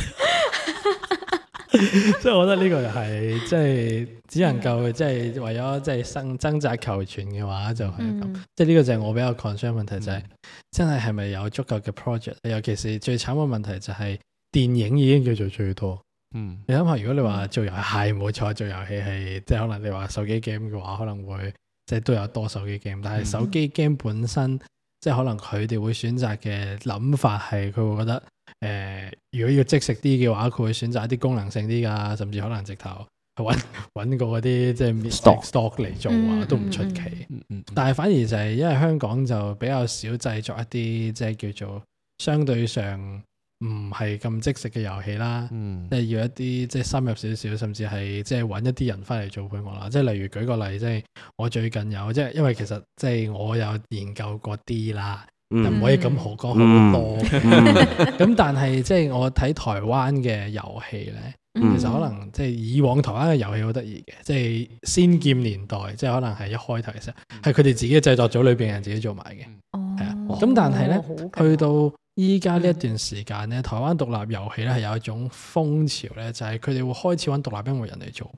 即係 我覺得呢個又係，即、就、係、是、只能夠，嗯、即係為咗即係生掙扎求存嘅話，就係咁。即係呢個就係我比較 concern 嘅問題，就係、是嗯、真係係咪有足夠嘅 project？尤其是最慘嘅問題就係電影已經叫做最多。嗯，你諗下，如果你話做遊戲係冇錯，做遊戲係即係可能你話手機 game 嘅話，可能會即係都有多手機 game。但係手機 game 本身，嗯、即係可能佢哋會選擇嘅諗法係，佢會覺得。誒，如果要即食啲嘅話，佢會選擇一啲功能性啲噶，甚至可能直頭去搵搵個嗰啲即係 stock stock 嚟做啊，都唔出奇。嗯嗯，但係反而就係因為香港就比較少製作一啲即係叫做相對上唔係咁即食嘅遊戲啦。嗯、即係要一啲即係深入少少，甚至係即係搵一啲人翻嚟做配樂啦。即係、嗯、例如舉個例，即係我最近有即係，即係、因為其實即係、即係、我有研究過啲啦。唔、嗯、可以咁好過好多，咁 但係即係我睇台灣嘅遊戲咧，嗯、其實可能即係、就是、以往台灣嘅遊戲好得意嘅，即、就、係、是、仙劍年代，即、就、係、是、可能係一開頭嘅時候，係佢哋自己製作組裏邊嘅人自己做埋嘅，係啊，咁但係咧、哦、去到。依家呢一段時間咧，台灣獨立遊戲咧係有一種風潮咧，就係佢哋會開始揾獨立音樂人嚟做。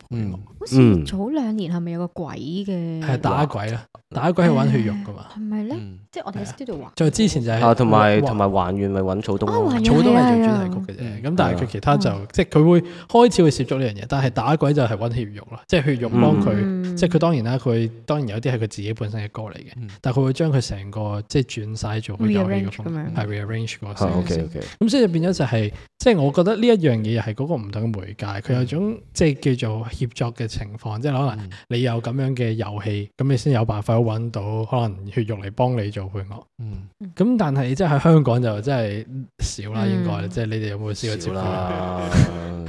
好似早兩年係咪有個鬼嘅？係打鬼啦，打鬼係揾血肉㗎嘛？係咪咧？即係我哋喺 studio 玩。就之前就係同埋同埋還原咪揾草東。草東係做主題曲嘅啫。咁但係佢其他就即係佢會開始會涉足呢樣嘢。但係打鬼就係揾血肉啦，即係血肉幫佢。即係佢當然啦，佢當然有啲係佢自己本身嘅歌嚟嘅。但係佢會將佢成個即係轉晒做佢遊戲嘅風格。OK OK，咁、嗯、所以變就變、是、咗就係，即係我覺得呢一樣嘢係嗰個唔同嘅媒介，佢有種即係、就是、叫做協作嘅情況，即、就、係、是、可能你有咁樣嘅遊戲，咁你先有辦法搵到可能血肉嚟幫你做配樂。嗯，咁、嗯嗯嗯、但係即係喺香港就真係少啦，應該即係你哋有冇試過接？少啦，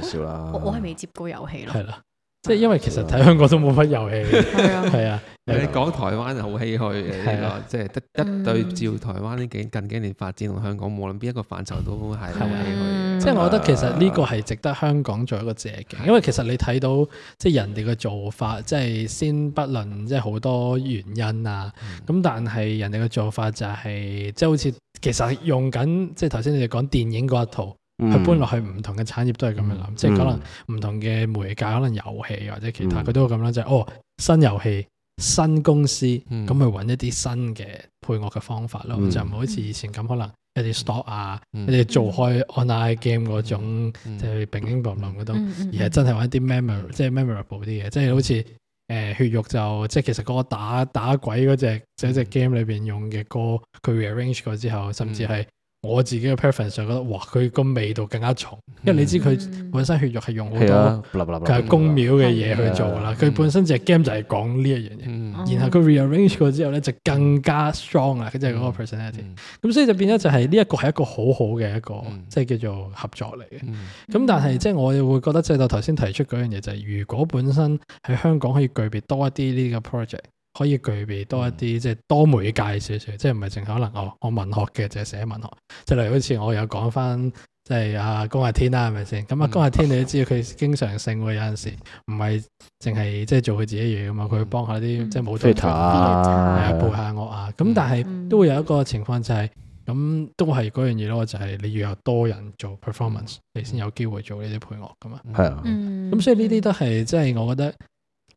少啦。我我係未接過遊戲咯。即係因為其實睇香港都冇乜遊戲，係啊係啊。你講台灣好唏噓，係啊。即係得一對照台灣呢幾近幾年發展同香港，無論邊一個範疇都係唏噓。即係我覺得其實呢個係值得香港做一個借鏡，因為其實你睇到即係、就是、人哋嘅做法，即、就、係、是、先不論即係好多原因啊。咁、嗯、但係人哋嘅做法就係即係好似其實用緊即係頭先你哋講電影嗰一套。佢搬落去唔同嘅產業都係咁樣諗，即係可能唔同嘅媒介，可能遊戲或者其他，佢都會咁啦，就係哦新遊戲、新公司，咁去揾一啲新嘅配樂嘅方法咯，就唔好似以前咁可能一啲 stock 啊，一啲做開 online game 嗰種就係乒乒乓嗰種，而係真係揾一啲 memory 即係 memorable 啲嘢，即係好似誒血肉就即係其實個打打鬼嗰隻，即係隻 game 裏邊用嘅歌，佢 rearrange 過之後，甚至係。我自己嘅 preference 就覺得，哇，佢個味道更加重，因為你知佢本身血肉係用好多，佢係公廟嘅嘢去做啦。佢、嗯、本身隻 game 就係講呢一樣嘢，嗯、然後佢 rearrange 過之後咧就更加 strong 啦，即係嗰個 personality。咁、嗯嗯、所以就變咗就係、是、呢一個係一個好好嘅一個即係叫做合作嚟嘅。咁、嗯、但係即係我亦會覺得，即、就、係、是、我頭先提出嗰樣嘢就係、是，如果本身喺香港可以具備多一啲呢個 project。可以具備多一啲，即係多媒介少少，即係唔係淨可能我我文學嘅就寫文學，即係例如好似我有講返，即係阿江逸天啦，係咪先？咁啊，江逸天，是是、嗯、天你都知道佢經常性會，有陣時唔係淨係即係做佢自己嘢噶嘛，佢會幫下啲即係舞台啊，配下樂啊，咁、嗯、但係都會有一個情況就係、是，咁都係嗰樣嘢咯，就係、是、你要有多人做 performance，你先有機會做呢啲配樂噶嘛。係啊、嗯，咁所以呢啲都係即係我覺得。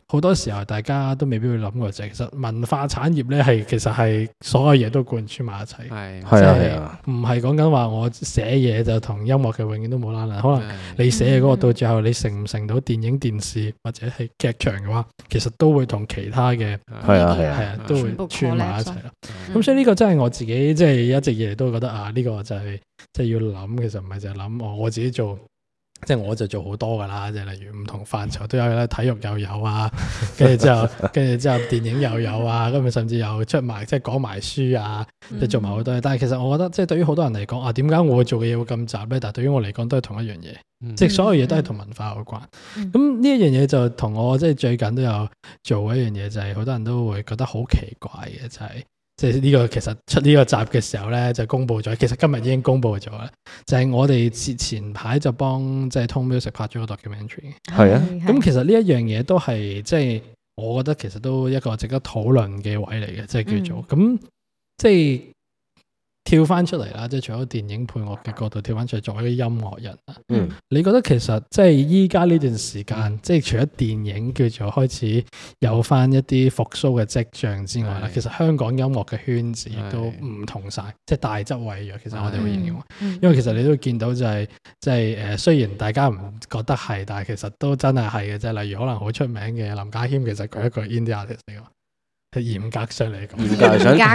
好多時候大家都未必會諗過，就其實文化產業咧，係其實係所有嘢都貫穿埋一齊，係係唔係講緊話我寫嘢就同音樂嘅永遠都冇拉拉。可能你寫嘅嗰個到最後你成唔成到電影、電視或者係劇場嘅話，其實都會同其他嘅，係啊係啊係啊，都會串埋一齊咯。咁所以呢個真係我自己即係一直以嚟都覺得啊，呢個就係即係要諗其實唔係就諗我我自己做。即係我就做好多噶啦，即係例如唔同範疇都有啦，體育又有啊，跟住之後，跟住之後電影又有啊，跟住甚至有出埋即係講埋書啊，即係做埋好多嘢。但係其實我覺得，即係對於好多人嚟講啊，點解我做嘅嘢會咁雜咧？但係對於我嚟講都係同一樣嘢，即係所有嘢都係同文化有關。咁呢一樣嘢就同我即係最近都有做一樣嘢，就係好多人都會覺得好奇怪嘅，就係。即係呢個其實出呢個集嘅時候咧，就公布咗。其實今日已經公布咗啦，就係、是、我哋前排就幫即係 Tone Music 拍咗個 documentary。係啊，咁其實呢一樣嘢都係即係我覺得其實都一個值得討論嘅位嚟嘅，即、就、係、是、叫做咁即係。嗯跳翻出嚟啦，即係除咗電影配樂嘅角度跳翻出嚟，作為一啲音樂人啊，嗯、你覺得其實即係依家呢段時間，嗯、即係除咗電影叫做開始有翻一啲復甦嘅跡象之外啦，嗯、其實香港音樂嘅圈子都唔同晒，嗯、即係大則為弱。其實我哋會形容，嗯、因為其實你都會見到就係即係誒，雖然大家唔覺得係，但係其實都真係係嘅。即係例如可能好出名嘅林家謙，其實佢一個 indie artist 呢個。嚴格上嚟講，嚴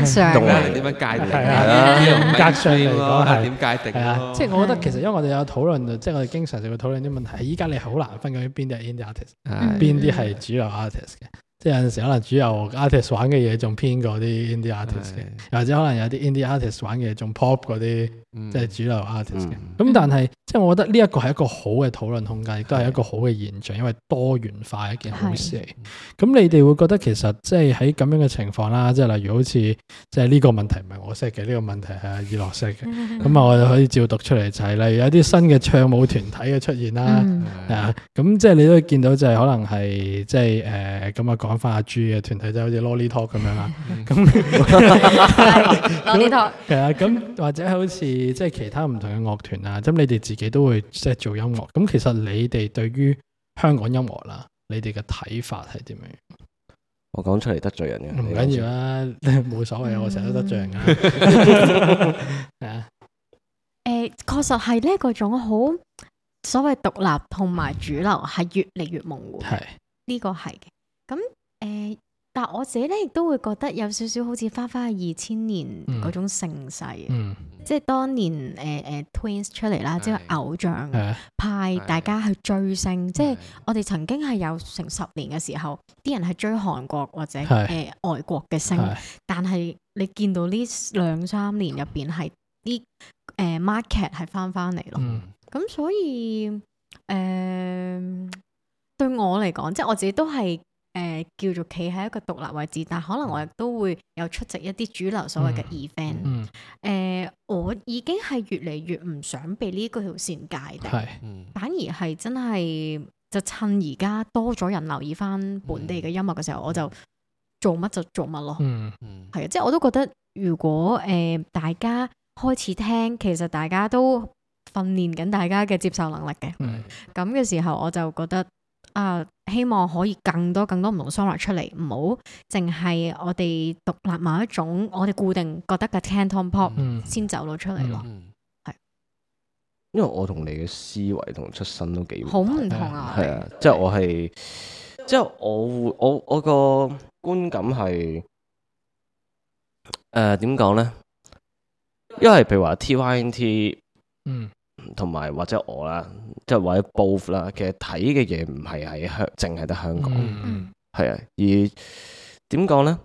格上點樣理的界定？係啊的， 嚴格上嚟講係點界定啊？即係 我覺得其實因為我哋有討論，即、就、係、是、我哋經常就會討論啲問題。依家你好難分究竟邊啲係 indie artist，邊啲係主流 artist 嘅。的即係有陣時可能主流 artist 玩嘅嘢仲偏過啲 indie artist，又的或者可能有啲 indie artist 玩嘅嘢仲 pop 嗰啲。即係主流 artist 嘅，咁但係即係我覺得呢一個係一個好嘅討論空間，亦都係一個好嘅現象，因為多元化一件好事嚟。咁你哋會覺得其實即係喺咁樣嘅情況啦，即係例如好似即係呢個問題唔係我寫嘅，呢個問題係阿葉樂寫嘅，咁啊我哋可以照讀出嚟就係，例如有啲新嘅唱舞團體嘅出現啦，係啊，咁即係你都見到就係可能係即係誒咁啊講返阿 G 嘅團體就好似 Lolly Talk 咁樣啦，咁 Lolly Talk 係啊，咁或者好似～即係其他唔同嘅樂團啊，咁你哋自己都會即係做音樂。咁其實你哋對於香港音樂啦，你哋嘅睇法係點樣？我講出嚟得罪人嘅，唔緊要啦，冇 所謂啊，我成日都得罪人啊。係 啊， 誒，確實係呢個種好所謂獨立同埋主流係越嚟越模糊，係呢個係嘅。咁誒。呃但我自己咧，亦都會覺得有少少好似返返二千年嗰種盛世，嗯嗯、即係當年誒誒、呃啊、Twins 出嚟啦，即係、嗯、偶像派，大家去追星。嗯、即係我哋曾經係有成十年嘅時候，啲人係追韓國或者誒、呃、外國嘅星。嗯、但係你見到呢兩三年入邊係啲誒 market 係翻翻嚟咯。咁、呃嗯、所以誒、呃、對我嚟講，即係我自己都係。誒、呃，叫做企喺一個獨立位置，但可能我亦都會有出席一啲主流所謂嘅 event、嗯。誒、嗯呃，我已經係越嚟越唔想被呢個條綫界定，嗯、反而係真係就趁而家多咗人留意翻本地嘅音樂嘅時候，嗯、我就做乜就做乜咯嗯。嗯，係啊，即係我都覺得如果誒、呃、大家開始聽，其實大家都訓練緊大家嘅接受能力嘅。咁嘅、嗯嗯、時候，我就覺得啊。希望可以更多更多唔同桑畫出嚟，唔好淨係我哋獨立某一種，我哋固定覺得嘅 Cantopop 先走咗出嚟咯。係、嗯，嗯、是因為我同你嘅思維同出身都幾好唔同啊。係啊，即係我係，即係我我我個觀感係，誒點講咧？因為譬如話 T Y N T，嗯。同埋或者我啦，即係或者 both 啦，其實睇嘅嘢唔係喺香，淨係得香港，嗯，係、嗯、啊。而點講咧？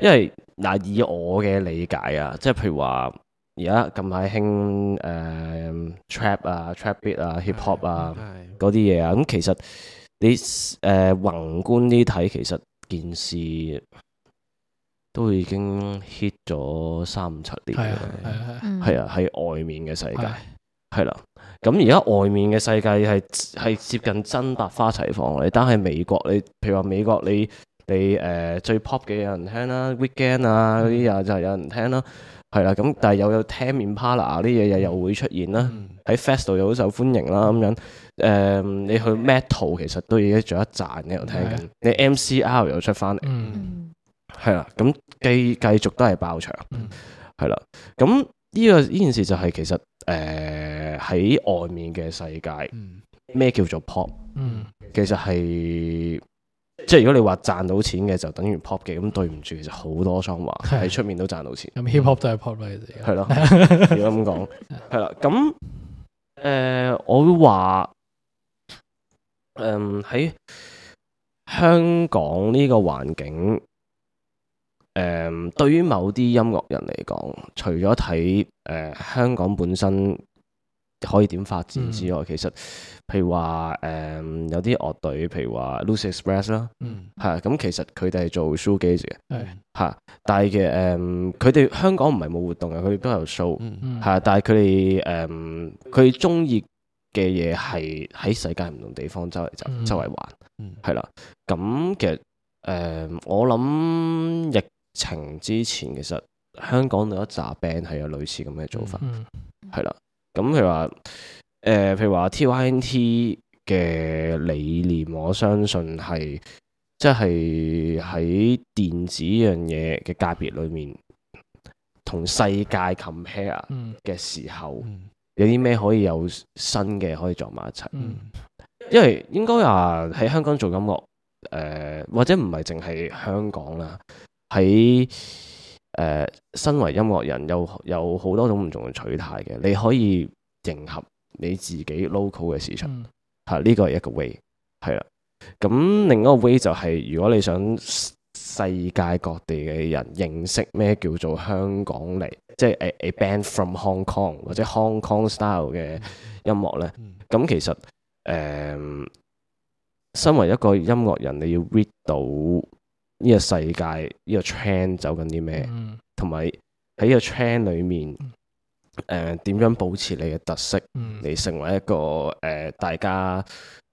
因為嗱，以我嘅理解啊，即係譬如話而家近排興誒 trap 啊、trap beat 啊、hip hop 啊嗰啲嘢啊，咁、嗯嗯啊、其實你誒、呃、宏觀啲睇，其實件事都已經 hit 咗三五七年啦，係啊、嗯，喺外面嘅世界。嗯嗯係啦，咁而家外面嘅世界係係接近真百花齊放，你單係美國你，譬如話美國你你誒、呃、最 pop 嘅有人聽啦 Weekend 啊嗰啲又就係有人聽啦，係啦，咁但係又有 Tame Impala 啲嘢又又會出現啦，喺、嗯、Fest 度又好受歡迎啦咁樣，誒、呃、你去 metal 其實都已經做一賺，又聽的你又聽緊，你 MCR 又出翻嚟，係啦，咁繼繼續都係爆場，係啦、嗯，咁呢、這個呢件事就係其實誒。呃喺外面嘅世界，咩、嗯、叫做 pop？嗯、其實係即係如果你話賺到錢嘅就等於 pop 嘅，咁對唔住，其實好多桑話喺出面都賺到錢。咁 hip hop 都係 pop 嚟嘅，係咯？如果咁講，係啦。咁誒、 呃，我會話誒喺香港呢個環境，誒、呃、對於某啲音樂人嚟講，除咗睇誒香港本身。可以點發展之外，其實譬如話誒、嗯、有啲樂隊，譬如話 Lucy Express 啦、嗯，係啊，咁其實佢哋係做 show 嘅，係嚇、嗯。但係其實誒，佢哋香港唔係冇活動嘅，佢哋都有 show 嚇。但係佢哋誒，佢中意嘅嘢係喺世界唔同地方周圍走，嗯、周圍玩，係啦、嗯。咁其實誒，我諗疫情之前其實香港有一紮 band 係有類似咁嘅做法，係啦、嗯。嗯咁譬如話，誒、呃，譬如話 T.Y.N.T 嘅理念，我相信係，即係喺電子呢樣嘢嘅界別裏面，同世界 compare 嘅時候，嗯、有啲咩可以有新嘅可以撞埋一齊？嗯、因為應該話喺香港做音樂，誒、呃，或者唔係淨係香港啦，喺。誒，uh, 身為音樂人有有好多種唔同嘅取態嘅，你可以迎合你自己 local 嘅市場，吓呢、mm. 個係一個 way，係啦。咁另一個 way 就係、是、如果你想世界各地嘅人認識咩叫做香港嚟，即係誒 a band from Hong Kong 或者 Hong Kong style 嘅音樂咧，咁、mm. 其實誒，uh, 身為一個音樂人，你要 read 到。呢個世界，呢、這個趨勢走緊啲咩？同埋喺呢個趨勢裏面，誒點、嗯呃、樣保持你嘅特色，你、嗯、成為一個誒、呃、大家誒、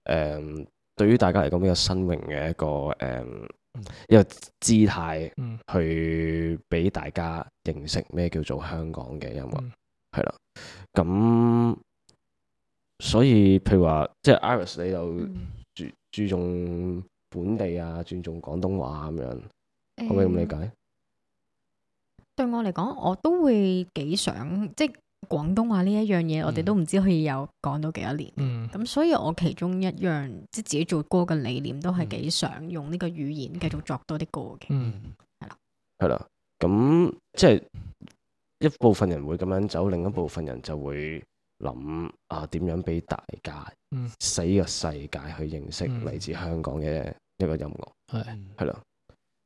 呃、對於大家嚟講比較新穎嘅一個誒一、呃、一個姿態，嗯、去俾大家認識咩叫做香港嘅音樂，係啦、嗯。咁、嗯嗯、所以譬如話，即係 Iris 你就注注重。本地啊，尊重廣東話，咁樣，可唔可以咁理解？對我嚟講，我都會幾想，即係廣東話呢一樣嘢，嗯、我哋都唔知可以有講到幾多年。咁、嗯、所以，我其中一樣即自己做歌嘅理念，都係幾想用呢個語言繼續作多啲歌嘅。係啦、嗯，係啦了，咁即係一部分人會咁樣走，另一部分人就會。諗啊，點樣畀大家、嗯、使個世界去認識嚟自香港嘅一個音樂係係咯。嗯的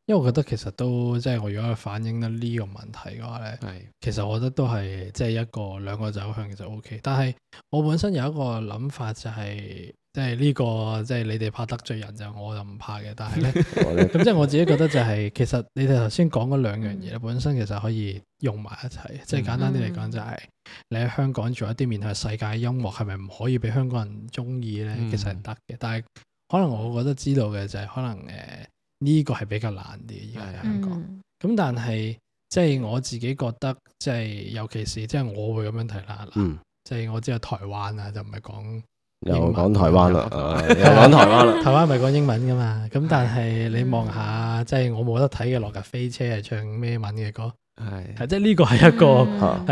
因為我覺得其實都即係，我如果去反映得呢個問題嘅話咧，是其實我覺得都係即係一個兩個走向其實 O K。但係我本身有一個諗法就係、是，即係呢個即係、就是、你哋怕得罪人就，我就唔怕嘅。但係咧，咁即係我自己覺得就係、是，其實你哋頭先講嗰兩樣嘢咧，嗯、本身其實可以用埋一齊。即係簡單啲嚟講，就係、嗯、你喺香港做一啲面向世界嘅音樂，係咪唔可以俾香港人中意咧？嗯、其實係得嘅。但係可能我覺得知道嘅就係、是，可能誒。呃呢個係比較難啲，而家喺香港。咁但係即係我自己覺得，即係尤其是即係我會咁樣睇啦。嗯，即係我知道台灣啊，就唔係講又講台灣啦，又講台灣啦。台灣唔係講英文噶嘛？咁但係你望下，即係我冇得睇嘅《落架飛車》係唱咩文嘅歌？係係即係呢個係一個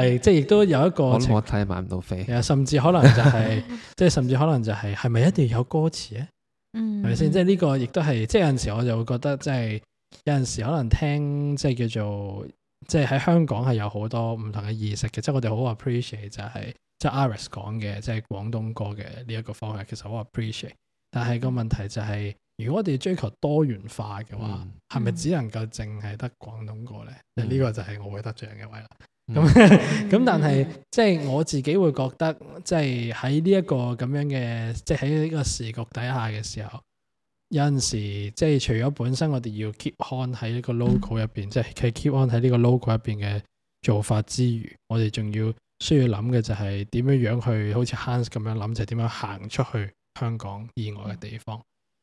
係即係亦都有一個我睇買唔到飛。有甚至可能就係即係甚至可能就係係咪一定要有歌詞咧？嗯，嗯，係咪先？即係呢個亦都係，即係有陣時我就會覺得，即、就、係、是、有陣時可能聽即係、就是、叫做，即係喺香港係有好多唔同嘅意識嘅。即係我哋好 appreciate 就係、是，即係 Iris 講嘅，即係廣東歌嘅呢一個方向，其實我好 appreciate。但係個問題就係、是，如果我哋追求多元化嘅話，係咪、嗯、只能夠淨係得廣東歌咧？呢、嗯、個就係我會得獎嘅位啦。咁咁，嗯、 但係即係我自己會覺得，即係喺呢一個咁樣嘅，即係喺呢個時局底下嘅時候，有陣時即係、就是、除咗本身我哋要 keep on 喺呢個 local 入邊，即係佢 keep on 喺呢個 local 入邊嘅做法之餘，我哋仲要需要諗嘅就係點樣樣去好似 Hanz 咁樣諗，就係、是、點樣行出去香港以外嘅地方。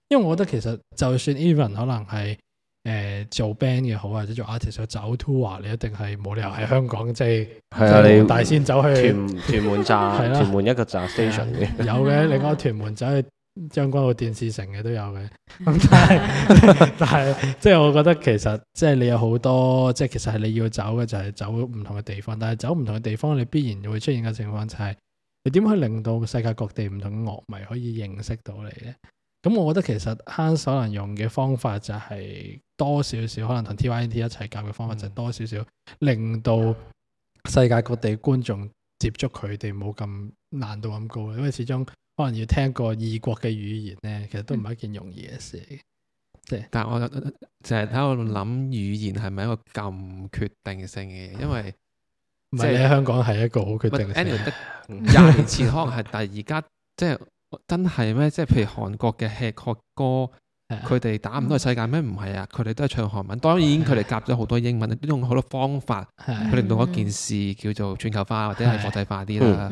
因為我覺得其實就算 even 可能係。誒、呃，做 band 嘅好，或者做 artist 想走 tour，你一定係冇理由喺香港即係，係啊，你大先走去屯屯門站，屯、 啊、門一個 station 嘅，有嘅，另外屯門走去將軍澳電視城嘅都有嘅。咁但係 但係，即係、就是、我覺得其實即係、就是、你有好多，即、就、係、是、其實係你要走嘅就係走唔同嘅地方，但係走唔同嘅地方，你必然會出現嘅情況就係你點可以令到世界各地唔同嘅樂迷可以認識到你咧？咁我覺得其實慳所能用嘅方法就係、是。多，多少少可能同 T.Y.N.T 一齊教嘅方法，嗯、就係多，多少少令到世界各地觀眾接觸佢哋冇咁難度咁高，因為始終可能要聽過異國嘅語言咧，其實都唔係一件容易嘅事。即係、嗯就是，但係我就就係喺我諗語言係咪一個咁決定性嘅因為唔係喺香港係一個好決定性嘅嘢。廿年前可能係，但係而家即係真係咩？即係譬如韓國嘅 Hip Hop 歌。佢哋打唔到去世界咩？唔係啊！佢哋都係唱韓文，當然佢哋夾咗好多英文，用好多方法去令到一件事叫做全球化或者係國際化啲啦。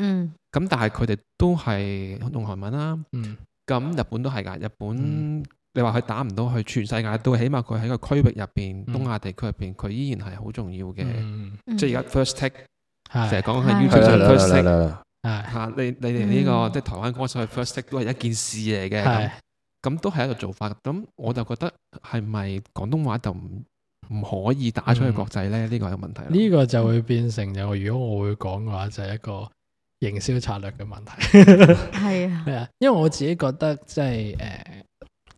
咁但係佢哋都係用韓文啦。咁日本都係噶，日本你話佢打唔到去全世界，都起碼佢喺個區域入邊，東亞地區入邊，佢依然係好重要嘅。即係而家 first take，成日講係 YouTube 上 first take，吓你你哋呢個即係台灣歌手去 first take 都係一件事嚟嘅。咁都係一個做法，咁我就覺得係咪廣東話就唔唔可以打出去國際呢？呢個係個問題。呢個就會變成就、嗯、如果我會講嘅話，就係、是、一個營銷策略嘅問題。係 啊，啊，因為我自己覺得即係誒，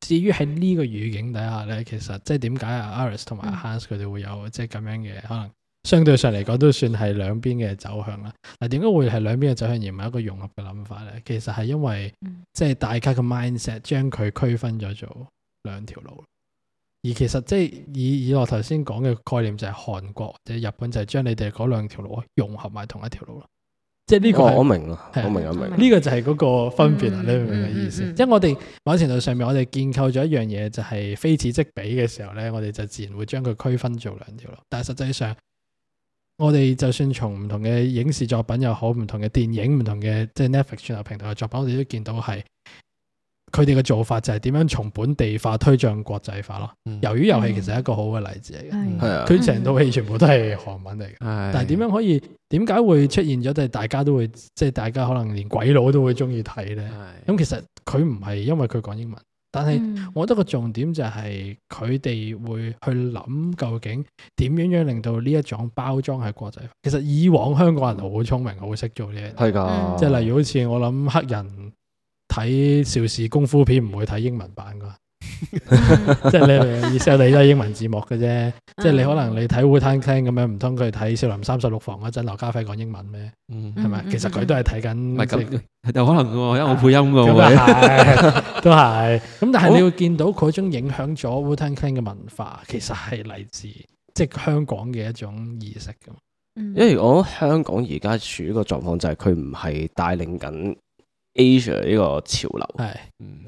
至於喺呢個語境底下呢，其實即係點解啊，Iris 同埋 Hanz 佢哋會有即係咁樣嘅、嗯、可能。相對上嚟講都算係兩邊嘅走向啦。嗱，點解會係兩邊嘅走向，而唔係一個融合嘅諗法咧？其實係因為、嗯、即係大家嘅 mindset 將佢區分咗做兩條路，而其實即係以以我頭先講嘅概念就係韓國或者日本就係將你哋嗰兩條路融合埋同一條路咯。即係呢個我明啦，我明是我明。呢是個就係嗰個分別啦，嗯、你明唔明嘅意思？嗯嗯嗯嗯、即係我哋某程度上面我哋建構咗一樣嘢就係、是、非此即彼嘅時候咧，我哋就自然會將佢區分做兩條路。但係實際上。我哋就算從唔同嘅影視作品又好，唔同嘅電影、唔同嘅即係 Netflix 全球平台嘅作品，我哋都見到係佢哋嘅做法就係點樣從本地化推進國際化咯。嗯、魷魚遊戲其實係一個好嘅例子嚟嘅，佢成套戲全部都係韓文嚟嘅，嗯、但係點樣可以？點解、嗯、會出現咗？即係大家都會，即係大家可能連鬼佬都會中意睇咧。咁、嗯嗯、其實佢唔係因為佢講英文。但係，我覺得個重點就係佢哋會去諗究竟點樣樣令到呢一種包裝係國際化。其實以往香港人好聰明，好識、嗯、做嘢，係㗎、嗯。即係例如好似我諗黑人睇邵氏功夫片唔會睇英文版㗎。即係你意思係你都係英文字幕嘅啫，即係你可能你睇《Wu-Tang Clan》咁樣，唔通佢睇《少林三十六房》嗰陣，劉家輝講英文咩？嗯，係咪？其實佢都係睇緊，係可能因為我配音嘅喎，都係。咁但係你會見到佢種影響咗《Wu-Tang Clan》嘅文化，其實係嚟自即係香港嘅一種意識嘅。嗯，因為我香港而家處於一個狀況就係佢唔係帶領緊。Asia 呢個潮流，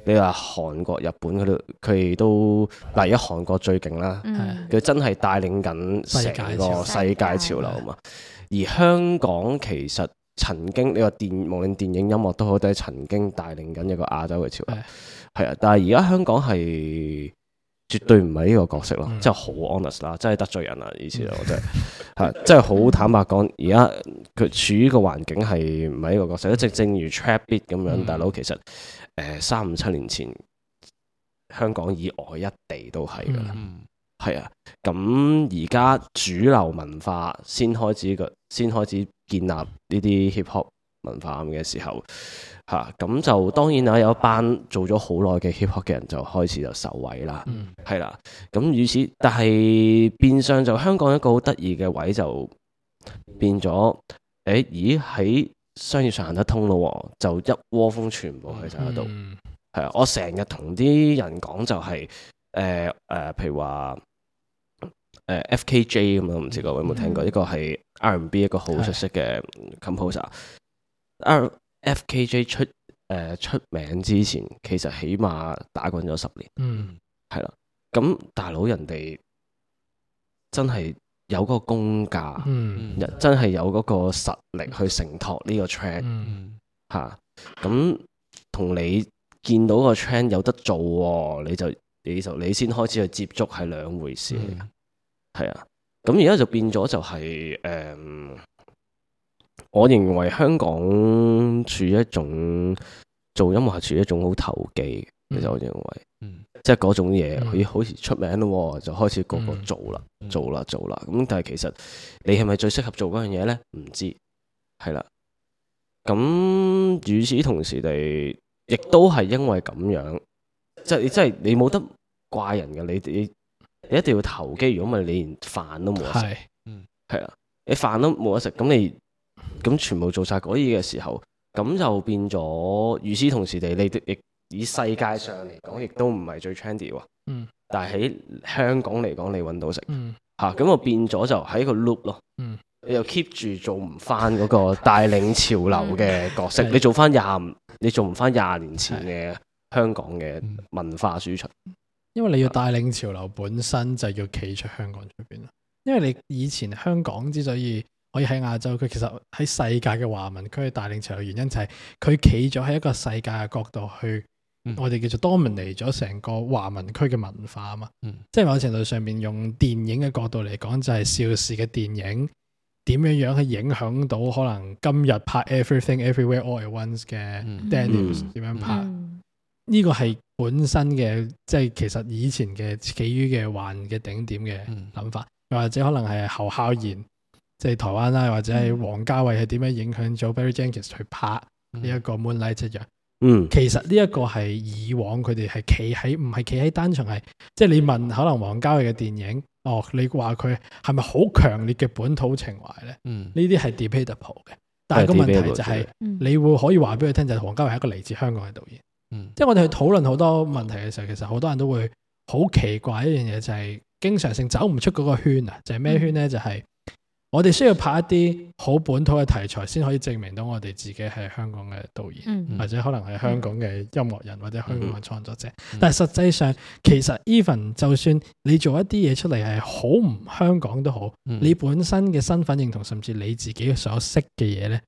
你話韓國、日本佢都佢都，例如韓國最勁啦，佢、嗯、真係帶領緊成個世界潮流嘛。嗯、而香港其實曾經你、這個電無論電影、音樂都好，都係曾經帶領緊一個亞洲嘅潮流，係啊是。但係而家香港係。絕對唔係呢個角色咯，真係好 honest 啦，真係得罪人啦，以前我真係，係真係好坦白講，而家佢處於個環境係唔係呢個角色，一直正如 trap beat 咁樣，大佬、mm hmm. 其實誒三五七年前香港以外一地都係㗎喇，係啊、mm，咁而家主流文化先開始個，先開始建立呢啲 hip hop 文化咁嘅時候。嚇咁、啊、就當然啦，有一班做咗好耐嘅 hip hop 嘅人就開始就受惠啦，係啦、嗯。咁與、嗯、此，但係變相就香港一個好得意嘅位就變咗，誒、欸、咦喺商業上行得通咯，就一窩蜂全部去曬度。係啊、嗯，我成日同啲人講就係誒誒，譬如話誒、呃、F K J 咁樣，唔知各位有冇聽過？呢、嗯、個係 R&B 一個好熟悉嘅 composer、嗯。嗯 F.K.J 出誒、呃、出名之前，其實起碼打滾咗十年，嗯，係啦。咁大佬人哋真係有嗰個功架，嗯，真係有嗰個實力去承托呢個 chain，吓、嗯。咁同你見到個 chain 有得做、哦，你就你就你先開始去接觸係兩回事，係啊、嗯。咁而家就變咗就係、是、誒。呃我認為香港處於一種做音樂係處於一種好投機嘅，嗯、其實我認為，嗯、即係嗰種嘢，佢、嗯、好似出名咯，就開始個個做啦、嗯，做啦，做啦，咁但係其實你係咪最適合做嗰樣嘢咧？唔知係啦。咁與此同時，地，亦都係因為咁樣，即、就、係、是、你真係你冇得怪人嘅，你你你一定要投機，如果唔係你連飯都冇得食，係啊、嗯，你飯都冇得食，咁你。咁全部做晒嗰嘢嘅時候，咁就變咗，與此同時地，你亦以世界上嚟講，亦都唔係最 trendy 喎。嗯。但係喺香港嚟講，你搵到食。嗯。吓、啊，咁我變咗就喺個 loop 咯。嗯。你又 keep 住做唔翻嗰個帶領潮流嘅角色，嗯、你做翻廿的，你做唔翻廿年前嘅香港嘅文化輸出、嗯。因為你要帶領潮流，本身就要企出香港出邊啦。因為你以前香港之所以，可以喺亞洲，佢其實喺世界嘅華文區帶領潮流嘅原因就係佢企咗喺一個世界嘅角度去，嗯、我哋叫做 dominate 咗成個華文區嘅文化啊嘛。嗯、即係某程度上邊用電影嘅角度嚟講，就係邵氏嘅電影點樣樣去影響到可能今日拍《Everything Everywhere All At Once is,、嗯》嘅、嗯、Daniel、嗯、s 點樣拍呢、嗯嗯、個係本身嘅，即係其實以前嘅起於嘅環嘅頂點嘅諗法，又、嗯嗯、或者可能係侯孝賢。嗯。即係台灣啦，或者係王家衛係點樣影響咗 Barry Jenkins 去拍呢一個 Moonlight 一樣。嗯，其實呢一個係以往佢哋係企喺，唔係企喺單純係，即係你問可能王家衛嘅電影，哦，你話佢係咪好強烈嘅本土情懷咧？嗯，呢啲係 debatable 嘅。但係個問題就係，你會可以話俾佢聽，就係王家衛係一個嚟自香港嘅導演。嗯，即係我哋去討論好多問題嘅時候，其實好多人都會好奇怪一樣嘢，就係經常性走唔出嗰個圈啊！就係咩圈咧？就係。我哋需要拍一啲好本土嘅題材，先可以證明到我哋自己係香港嘅導演，嗯、或者可能係香港嘅音樂人，嗯、或者香港嘅創作者。嗯、但係實際上，其實 even 就算你做一啲嘢出嚟係好唔香港都好，嗯、你本身嘅身份認同，甚至你自己所識嘅嘢呢，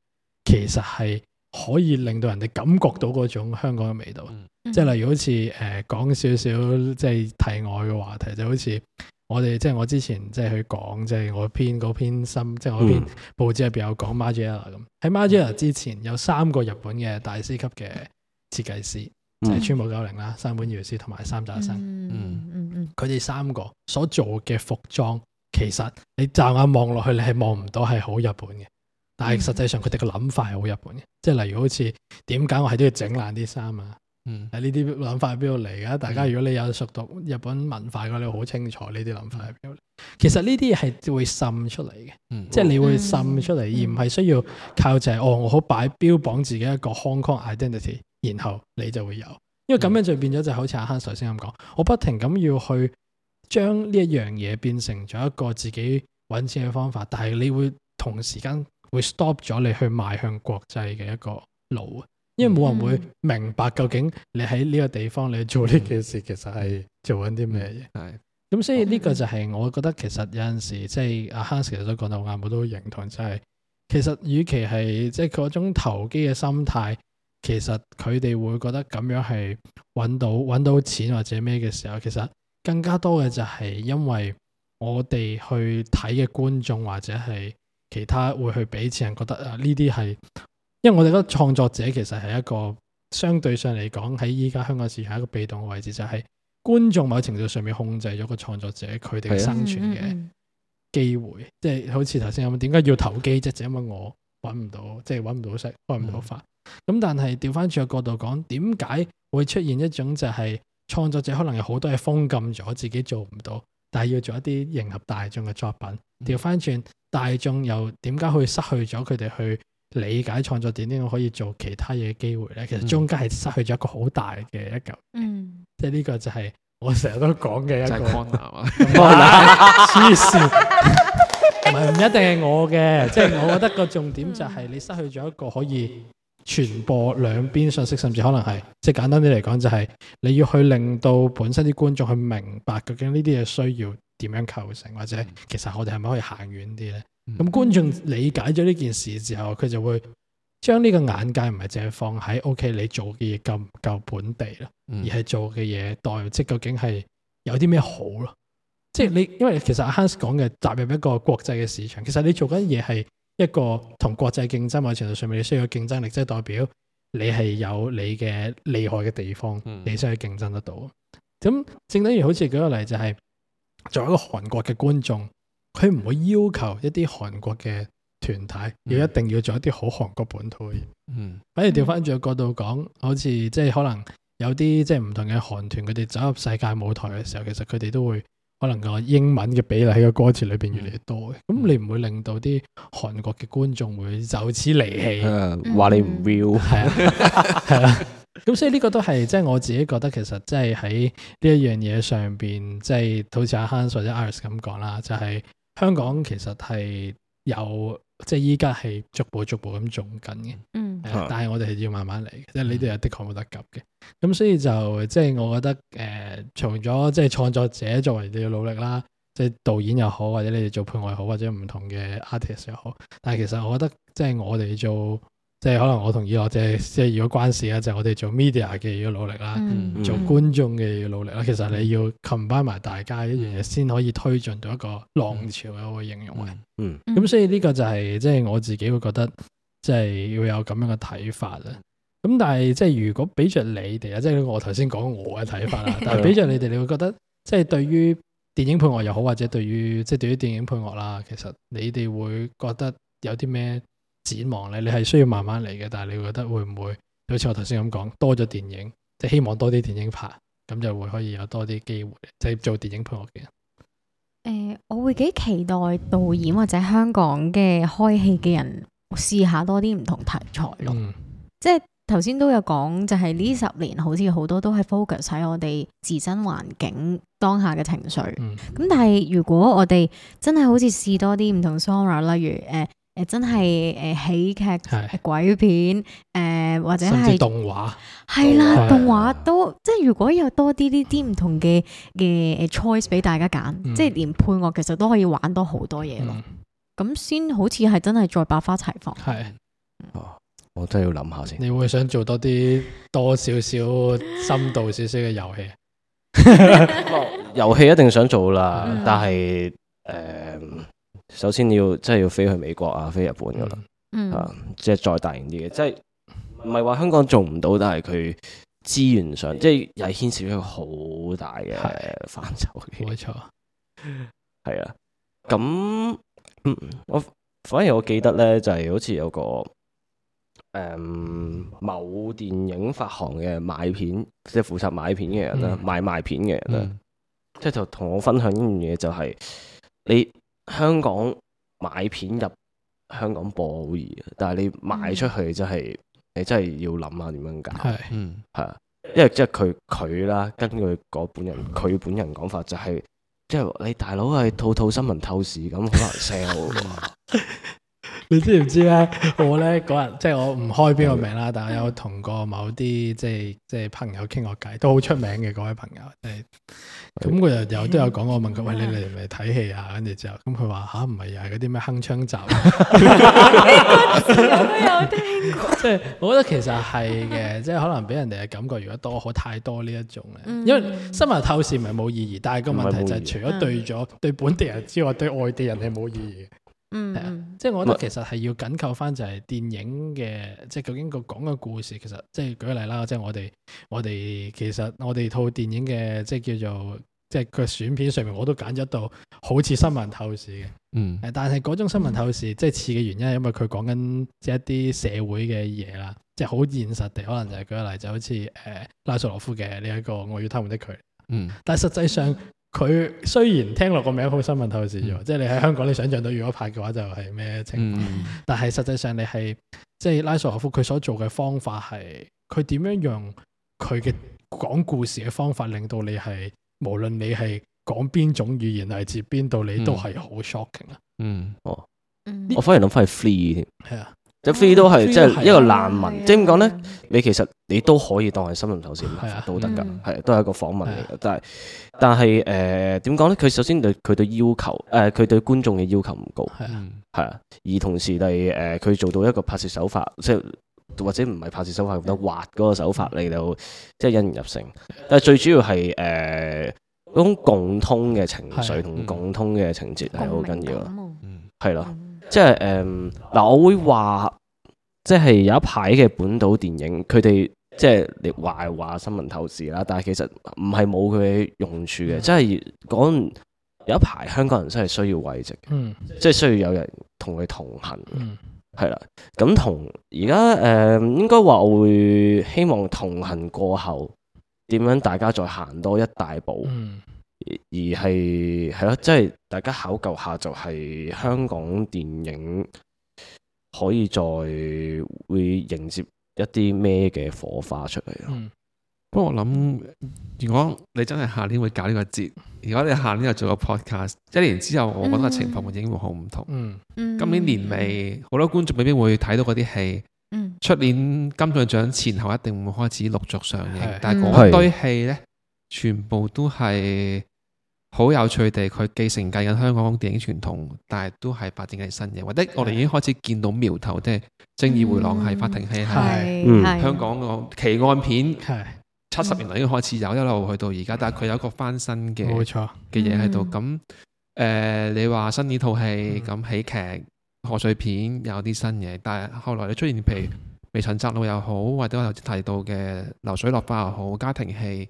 其實係可以令到人哋感覺到嗰種香港嘅味道。嗯嗯、即係例如好似誒講少少即係題外嘅話題，就好似，我哋即係我之前即係去講，即係我編嗰篇心，即係我編、嗯、報紙入邊有講 Margiela 咁。喺 Margiela 之前、嗯、有三個日本嘅大師級嘅設計師，即係、嗯、川久保玲啦、山本耀司同埋三宅一生。嗯嗯嗯，佢哋、嗯、三個所做嘅服裝，其實你驟眼望落去，你係望唔到係好日本嘅。但係實際上佢哋個諗法係好日本嘅，即係、嗯嗯、例如好似點解我係都要整爛啲衫啊？嗯，呢啲諗法喺邊度嚟嘅？大家如果你有熟讀日本文化嘅，你好清楚呢啲諗法喺邊度。其實呢啲嘢係會滲出嚟嘅，嗯、即係你會滲出嚟，嗯、而唔係需要靠就係、是嗯、哦，我好擺標榜自己一個 Hong Kong identity，然後你就會有。因為咁樣就變咗，就好似阿 Hanz 首先咁講，我不停咁要去將呢一樣嘢變成咗一個自己揾錢嘅方法，但係你會同時間會 stop 咗你去邁向國際嘅一個路啊。因為冇人會明白究竟你喺呢個地方，你做呢件事其實係做緊啲咩嘢？係咁、嗯，嗯、所以呢個就係我覺得其實有陣時即係阿 Hanz 其實都講到啱，我都認同，就係、是、其實與其係即係嗰種投機嘅心態，其實佢哋會覺得咁樣係搵到搵到錢或者咩嘅時候，其實更加多嘅就係因為我哋去睇嘅觀眾或者係其他會去俾錢人，覺得啊呢啲係。因為我哋覺得創作者其實係一個相對上嚟講喺依家香港市場係一個被動嘅位置，就係、是、觀眾某程度上面控制咗個創作者佢哋生存嘅機會，的即係好似頭先咁，點解要投機即係因為我揾唔到，即係揾唔到食，揾唔到飯。咁、嗯、但係調翻轉個角度講，點解會出現一種就係、是、創作者可能有好多嘢封禁咗，自己做唔到，但係要做一啲迎合大眾嘅作品。調翻轉大眾又點解會失去咗佢哋去？理解創作點，點我可以做其他嘢嘅機會咧。其實中間係失去咗一個好大嘅一嚿，嗯，即係呢個就係我成日都講嘅一個框架。框架黐線，唔係唔一定係我嘅。 即係我覺得個重點就係你失去咗一個可以傳播兩邊信息，甚至可能係即係簡單啲嚟講，就係你要去令到本身啲觀眾去明白究竟呢啲嘢需要點樣構成，嗯、或者其實我哋係咪可以行遠啲咧？咁、嗯、觀眾理解咗呢件事之後，佢就會將呢個眼界唔係淨係放喺 O K 你做嘅嘢夠唔夠本地咯，嗯、而係做嘅嘢代即究竟係有啲咩好咯？即係你因為其實阿 Hanz 講嘅踏入一個國際嘅市場，其實你做緊嘢係一個同國際競爭嘅程度上面，你需要競爭力，即係代表你係有你嘅厲害嘅地方，你先去競爭得到。咁、嗯、正等於好似舉個例就係作為一個韓國嘅觀眾。佢唔會要求一啲韓國嘅團體要一定要做一啲好韓國本土嘢，嗯，反而調翻轉個角度講，嗯、好似即係可能有啲即係唔同嘅韓團，佢哋走入世界舞台嘅時候，其實佢哋都會可能個英文嘅比例喺個歌詞裏邊越嚟越多嘅，咁、嗯、你唔會令到啲韓國嘅觀眾會就此離棄，話、嗯、你唔 real，係啊，係啦，咁 所以呢個都係即係我自己覺得其實即係喺呢一樣嘢上邊，即係好似阿 Hanz 或者 Iris 咁講啦，就係、是。香港其實係有，即係依家係逐步逐步咁做緊嘅。嗯，呃、但係我哋係要慢慢嚟，嗯、即係你哋又的確冇得急嘅。咁所以就即係我覺得，誒、呃，除咗即係創作者作為你要努力啦，即係導演又好，或者你哋做配樂又好，或者唔同嘅 artist 又好。但係其實我覺得，即係我哋做。即係可能我同意，我即係即係如果關事咧，就係、我哋做 media 嘅要努力啦，嗯、做觀眾嘅要努力啦。嗯、其實你要 combine 埋大家一樣嘢，先、嗯、可以推進到一個浪潮嘅，我形容係、嗯。嗯。咁所以呢個就係即係我自己會覺得，即、就、係、是、要有咁樣嘅睇法啦。咁但係即係如果俾着你哋啊，即、就、係、是、我頭先講我嘅睇法啦。 但係俾着你哋，你會覺得即係、就是、對於電影配樂又好，或者對於即係、就是、對於電影配樂啦，其實你哋會覺得有啲咩？展望咧，你係需要慢慢嚟嘅，但係你會覺得會唔會？好似我頭先咁講，多咗電影，即係希望多啲電影拍，咁就會可以有多啲機會，即係做電影配樂嘅人。誒、呃，我會幾期待導演或者香港嘅開戲嘅人試下多啲唔同題材咯。嗯、即係頭先都有講，就係呢十年好似好多都係 focus 喺我哋自身環境當下嘅情緒。咁、嗯、但係如果我哋真係好似試多啲唔同 genre，例如誒。呃誒，真係誒喜劇、鬼片誒，或者係甚至動畫話了，係啦，動畫都即係如果有多啲呢啲唔同嘅嘅 choice 俾大家揀，即係、嗯、連配樂其實都可以玩多，多、啊嗯、好多嘢咯。咁先好似係真係再百花齊放。係是，哦，我真係要諗下先。你會想做多啲多少少深度少少嘅遊戲？遊戲 一定想做啦，但係誒。呃首先要即係要飛去美國啊，飛日本噶啦，嚇、嗯啊，即係再大型啲嘅，即係唔係話香港做唔到，但係佢資源上，嗯、即係又係牽涉咗一個好大嘅範疇嘅，冇錯，係啊的。咁錯，我、嗯、反而我記得咧，就係、是、好似有個誒、嗯、某電影發行嘅買片，即、就、係、是、負責買片嘅人啦，買、嗯、賣，賣片嘅人啦，即係、嗯、就同我分享一樣嘢，就係你。香港買片入香港播好易，但係你賣出去、嗯、真係，你真係要諗下點樣搞。嗯，係啊，因為即係佢佢啦，根據嗰本人佢本人講法就係、是，即、就、係、是、你大佬係套套新聞透視咁，好難 sell 喎 你 知唔知咧？我咧嗰日即係我唔開邊個名啦，但係有同過某啲即係即係朋友傾過偈，都好出名嘅嗰位朋友。咁佢又有都有講過我問佢：喂、哎，你嚟唔嚟睇戲啊？跟住之後，咁佢話：吓，唔係又係嗰啲咩鏗鏘集？有有聽過。即係我覺得其實係嘅，即係可能俾人哋嘅感覺，如果多好太多呢一種咧，因為新聞透視唔係冇意義，但係個問題就係除咗對咗對本地人之外，對外地人係冇意義嘅。嗯，係啊、mm hmm.，即係我覺得其實係要緊扣翻就係電影嘅，mm hmm. 即係究竟佢講嘅故事，其實即係舉例啦，即係我哋我哋其實我哋套電影嘅，即係叫做即係佢選片上面我都揀咗一套好似新聞透視嘅，嗯、mm，hmm. 但係嗰種新聞透視、mm hmm. 即係似嘅原因，係因為佢講緊即係一啲社會嘅嘢啦，即係好現實地，可能就係、是、舉個例就好似誒、呃、拉索洛夫嘅呢一個我要他們的佢，嗯，mm hmm. 但係實際上。佢雖然聽落個名好新聞透視咗，嗯、即係你喺香港你想像到如果拍嘅話就係咩情況，嗯、但係實際上你係即係拉索·霍夫佢所做嘅方法係佢點樣用佢嘅講故事嘅方法令到你係無論你係講邊種語言嚟自邊度，你、嗯、都係好 shocking 啊！嗯，哦，我反而諗翻係 free 添。係啊。即 free 都係即係一個難民，即係點講咧？你其實你都可以當係新聞頭線都得噶，係都係一個訪問嚟嘅。但係但係誒，點講咧？佢首先佢對要求誒，佢對觀眾嘅要求唔高，係啊，係啊。而同時嚟誒，佢做到一個拍攝手法，即係或者唔係拍攝手法咁得滑嗰個手法嚟到即係引人入勝。但係最主要係誒嗰種共通嘅情緒同共通嘅情節係好緊要，嗯，係咯。即係誒嗱，我會話，即係有一排嘅本土電影，佢哋即係話係話新聞透視啦，但係其實唔係冇佢用處嘅。嗯、即係講有一排香港人真係需要慰藉，嗯、即係需要有人同佢同行，係啦、嗯。咁同而家誒應該話我會希望同行過後點樣大家再行多一大步。嗯嗯。而係係咯，即係大家考究下，就係香港電影可以再會迎接一啲咩嘅火花出嚟咯。不過、嗯、我諗，如果你真係下年會搞呢個節，如果你下年又做個 podcast，一年之後我覺得情況會已經會好唔同。嗯嗯嗯、今年年尾好、嗯、多觀眾未必會睇到嗰啲戲。出年金像獎前後一定會開始陸續上映，嗯、但係嗰堆戲呢，的全部都係。好有趣地，佢既承繼緊香港電影傳統，但係都係發展緊新嘢，或者我哋已經開始見到苗頭，即係《正義回廊》係、嗯、法庭戲，係香港個奇案片，係七十年代已經開始有，嗯、一路去到而家，但係佢有一個翻身嘅，冇錯嘅嘢喺度。咁誒、嗯呃，你話新呢套戲咁喜劇、賀歲片有啲新嘢，但係後來你出現譬如《微塵窄路》又好，或者我頭先提到嘅《流水落花》又好，家庭戲。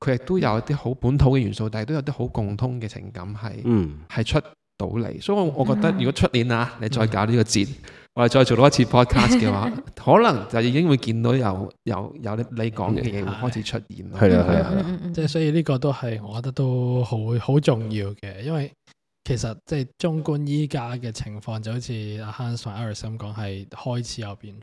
佢亦都有一啲好本土嘅元素，但係都有啲好共通嘅情感係係、嗯、出到嚟，所以我覺得如果出年啊，嗯、你再搞呢個節，嗯、我哋再做多一次 podcast 嘅話， 可能就已經會見到有由由，由你講嘅嘢開始出現啦。係啊係啊，即係所以呢個都係我覺得都好好重要嘅，因為其實即係中觀依家嘅情況就好似阿 Hanz 同 Iris 講係開始有變。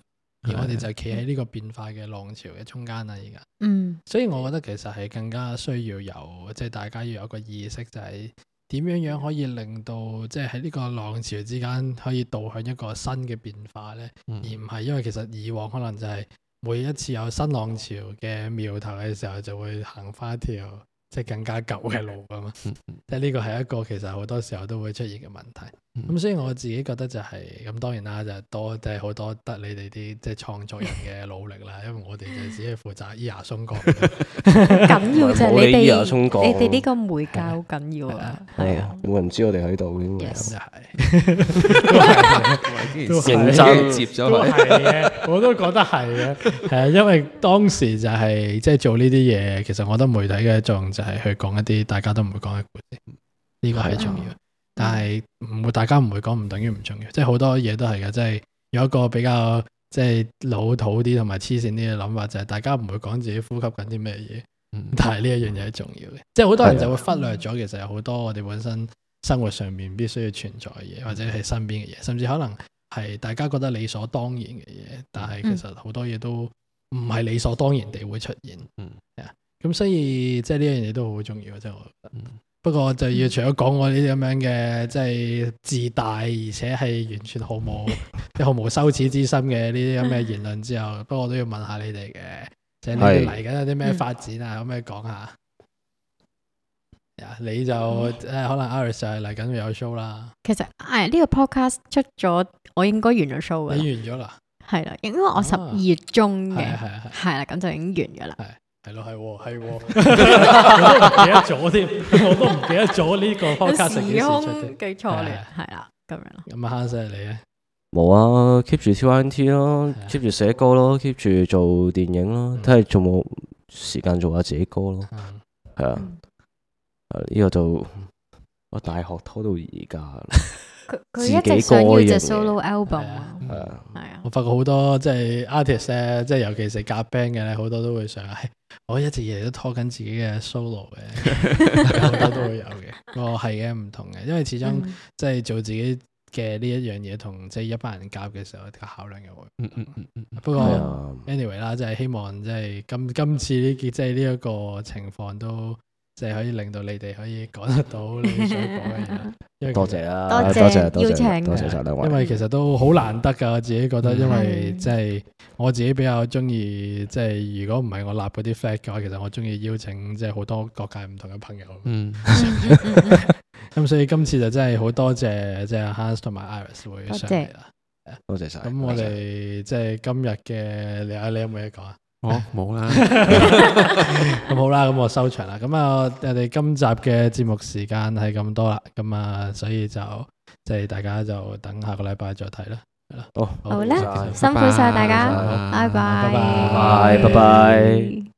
而我哋就企喺呢個變化嘅浪潮嘅中間啦，而家。嗯，所以我覺得其實係更加需要有，即係大家要有個意識，就係點樣樣可以令到，即係喺呢個浪潮之間可以導向一個新嘅變化咧，嗯、而唔係因為其實以往可能就係每一次有新浪潮嘅苗頭嘅時候就，就會行翻條即係更加舊嘅路啊嘛。即係呢個係一個其實好多時候都會出現嘅問題。咁所以我自己覺得就係咁，當然啦，就係多即係好多得你哋啲即係創作人嘅努力啦，因為我哋就只係負責依牙鬆講緊要就係你哋，你哋呢個媒介好緊要啊！係啊，冇人知我哋喺度嘅嘛，真係研究接咗，我都覺得係嘅，係啊，因為當時就係即係做呢啲嘢，其實我覺得媒體嘅作用就係去講一啲大家都唔會講嘅故事，呢個係重要。但係唔會，大家唔會講，唔等於唔重要。即係好多嘢都係嘅，即係有一個比較即係老土啲同埋黐線啲嘅諗法，就係大家唔會講自己呼吸緊啲咩嘢。嗯，但係呢一樣嘢係重要嘅，即係好多人就會忽略咗。嗯，其實有好多我哋本身生活上面必須要存在嘅嘢，或者係身邊嘅嘢，甚至可能係大家覺得理所當然嘅嘢。但係其實好多嘢都唔係理所當然地會出現。嗯，咁，嗯，所以即係呢樣嘢都好重要嘅，即係我覺得。不過就要除咗講我呢啲咁樣嘅，即係自大，而且係完全毫無即 毫無羞恥之心嘅呢啲咁嘅言論之後， 不過都要問下你哋嘅，即係你哋嚟緊有啲咩發展啊？有咩講下？啊、嗯，你就誒，可能 Iris 就係嚟緊有 show 啦。其實誒，呢個 podcast 出咗，我應該完咗 show 啦。已完咗啦？係啦，應該我十二月中嘅，係啦、啊，咁就已經完噶啦。係咯係，係， 記得咗添， 我都唔記得咗呢個 Podcast 成件事出嚟。係啊，咁樣。咁冇慳晒你啊？冇啊，keep 住 TNT 咯，keep 住寫歌咯，keep 住做電影咯，睇下仲冇時間做下自己歌咯，係、嗯、啊。呢、嗯啊，這個就我大學拖到而家。 佢佢一直想要隻 solo album 啊。係啊，我發覺好多即係 artist 咧，即係尤其是夾 band 嘅咧，好多都會想係，哎，我一直日日都拖緊自己嘅 solo 嘅，好多都會有嘅。哦係嘅，唔同嘅，因為始終即係做自己嘅呢一樣嘢，同即係一班人夾嘅時候，個考量嘅會，會嗯。嗯嗯嗯嗯。不過、嗯、anyway 啦，即係希望即係今今次呢件即係呢一個情況都。即係可以令到你哋可以講得到你想講嘅嘢，因為 多謝啦，多謝多謝，多謝晒兩位，因為其實都好難得噶， 我自己覺得，因為即係我自己比較中意，即係如果唔係我立嗰啲 friend 嘅話，其實我中意邀請即係好多各界唔同嘅朋友。嗯，咁所以今次就真係好多謝即係 Hanz 同埋 Iris 會上嚟啦，多謝晒。咁我哋即係今日嘅你，你有冇嘢講啊？哦，冇啦，咁 好啦，咁我收場啦，咁啊，我哋今集嘅節目時間係咁多啦，咁啊，所以就即係大家就等下個禮拜再睇啦，好啦，辛苦晒大家，謝謝拜拜，拜拜，拜拜。拜拜拜拜。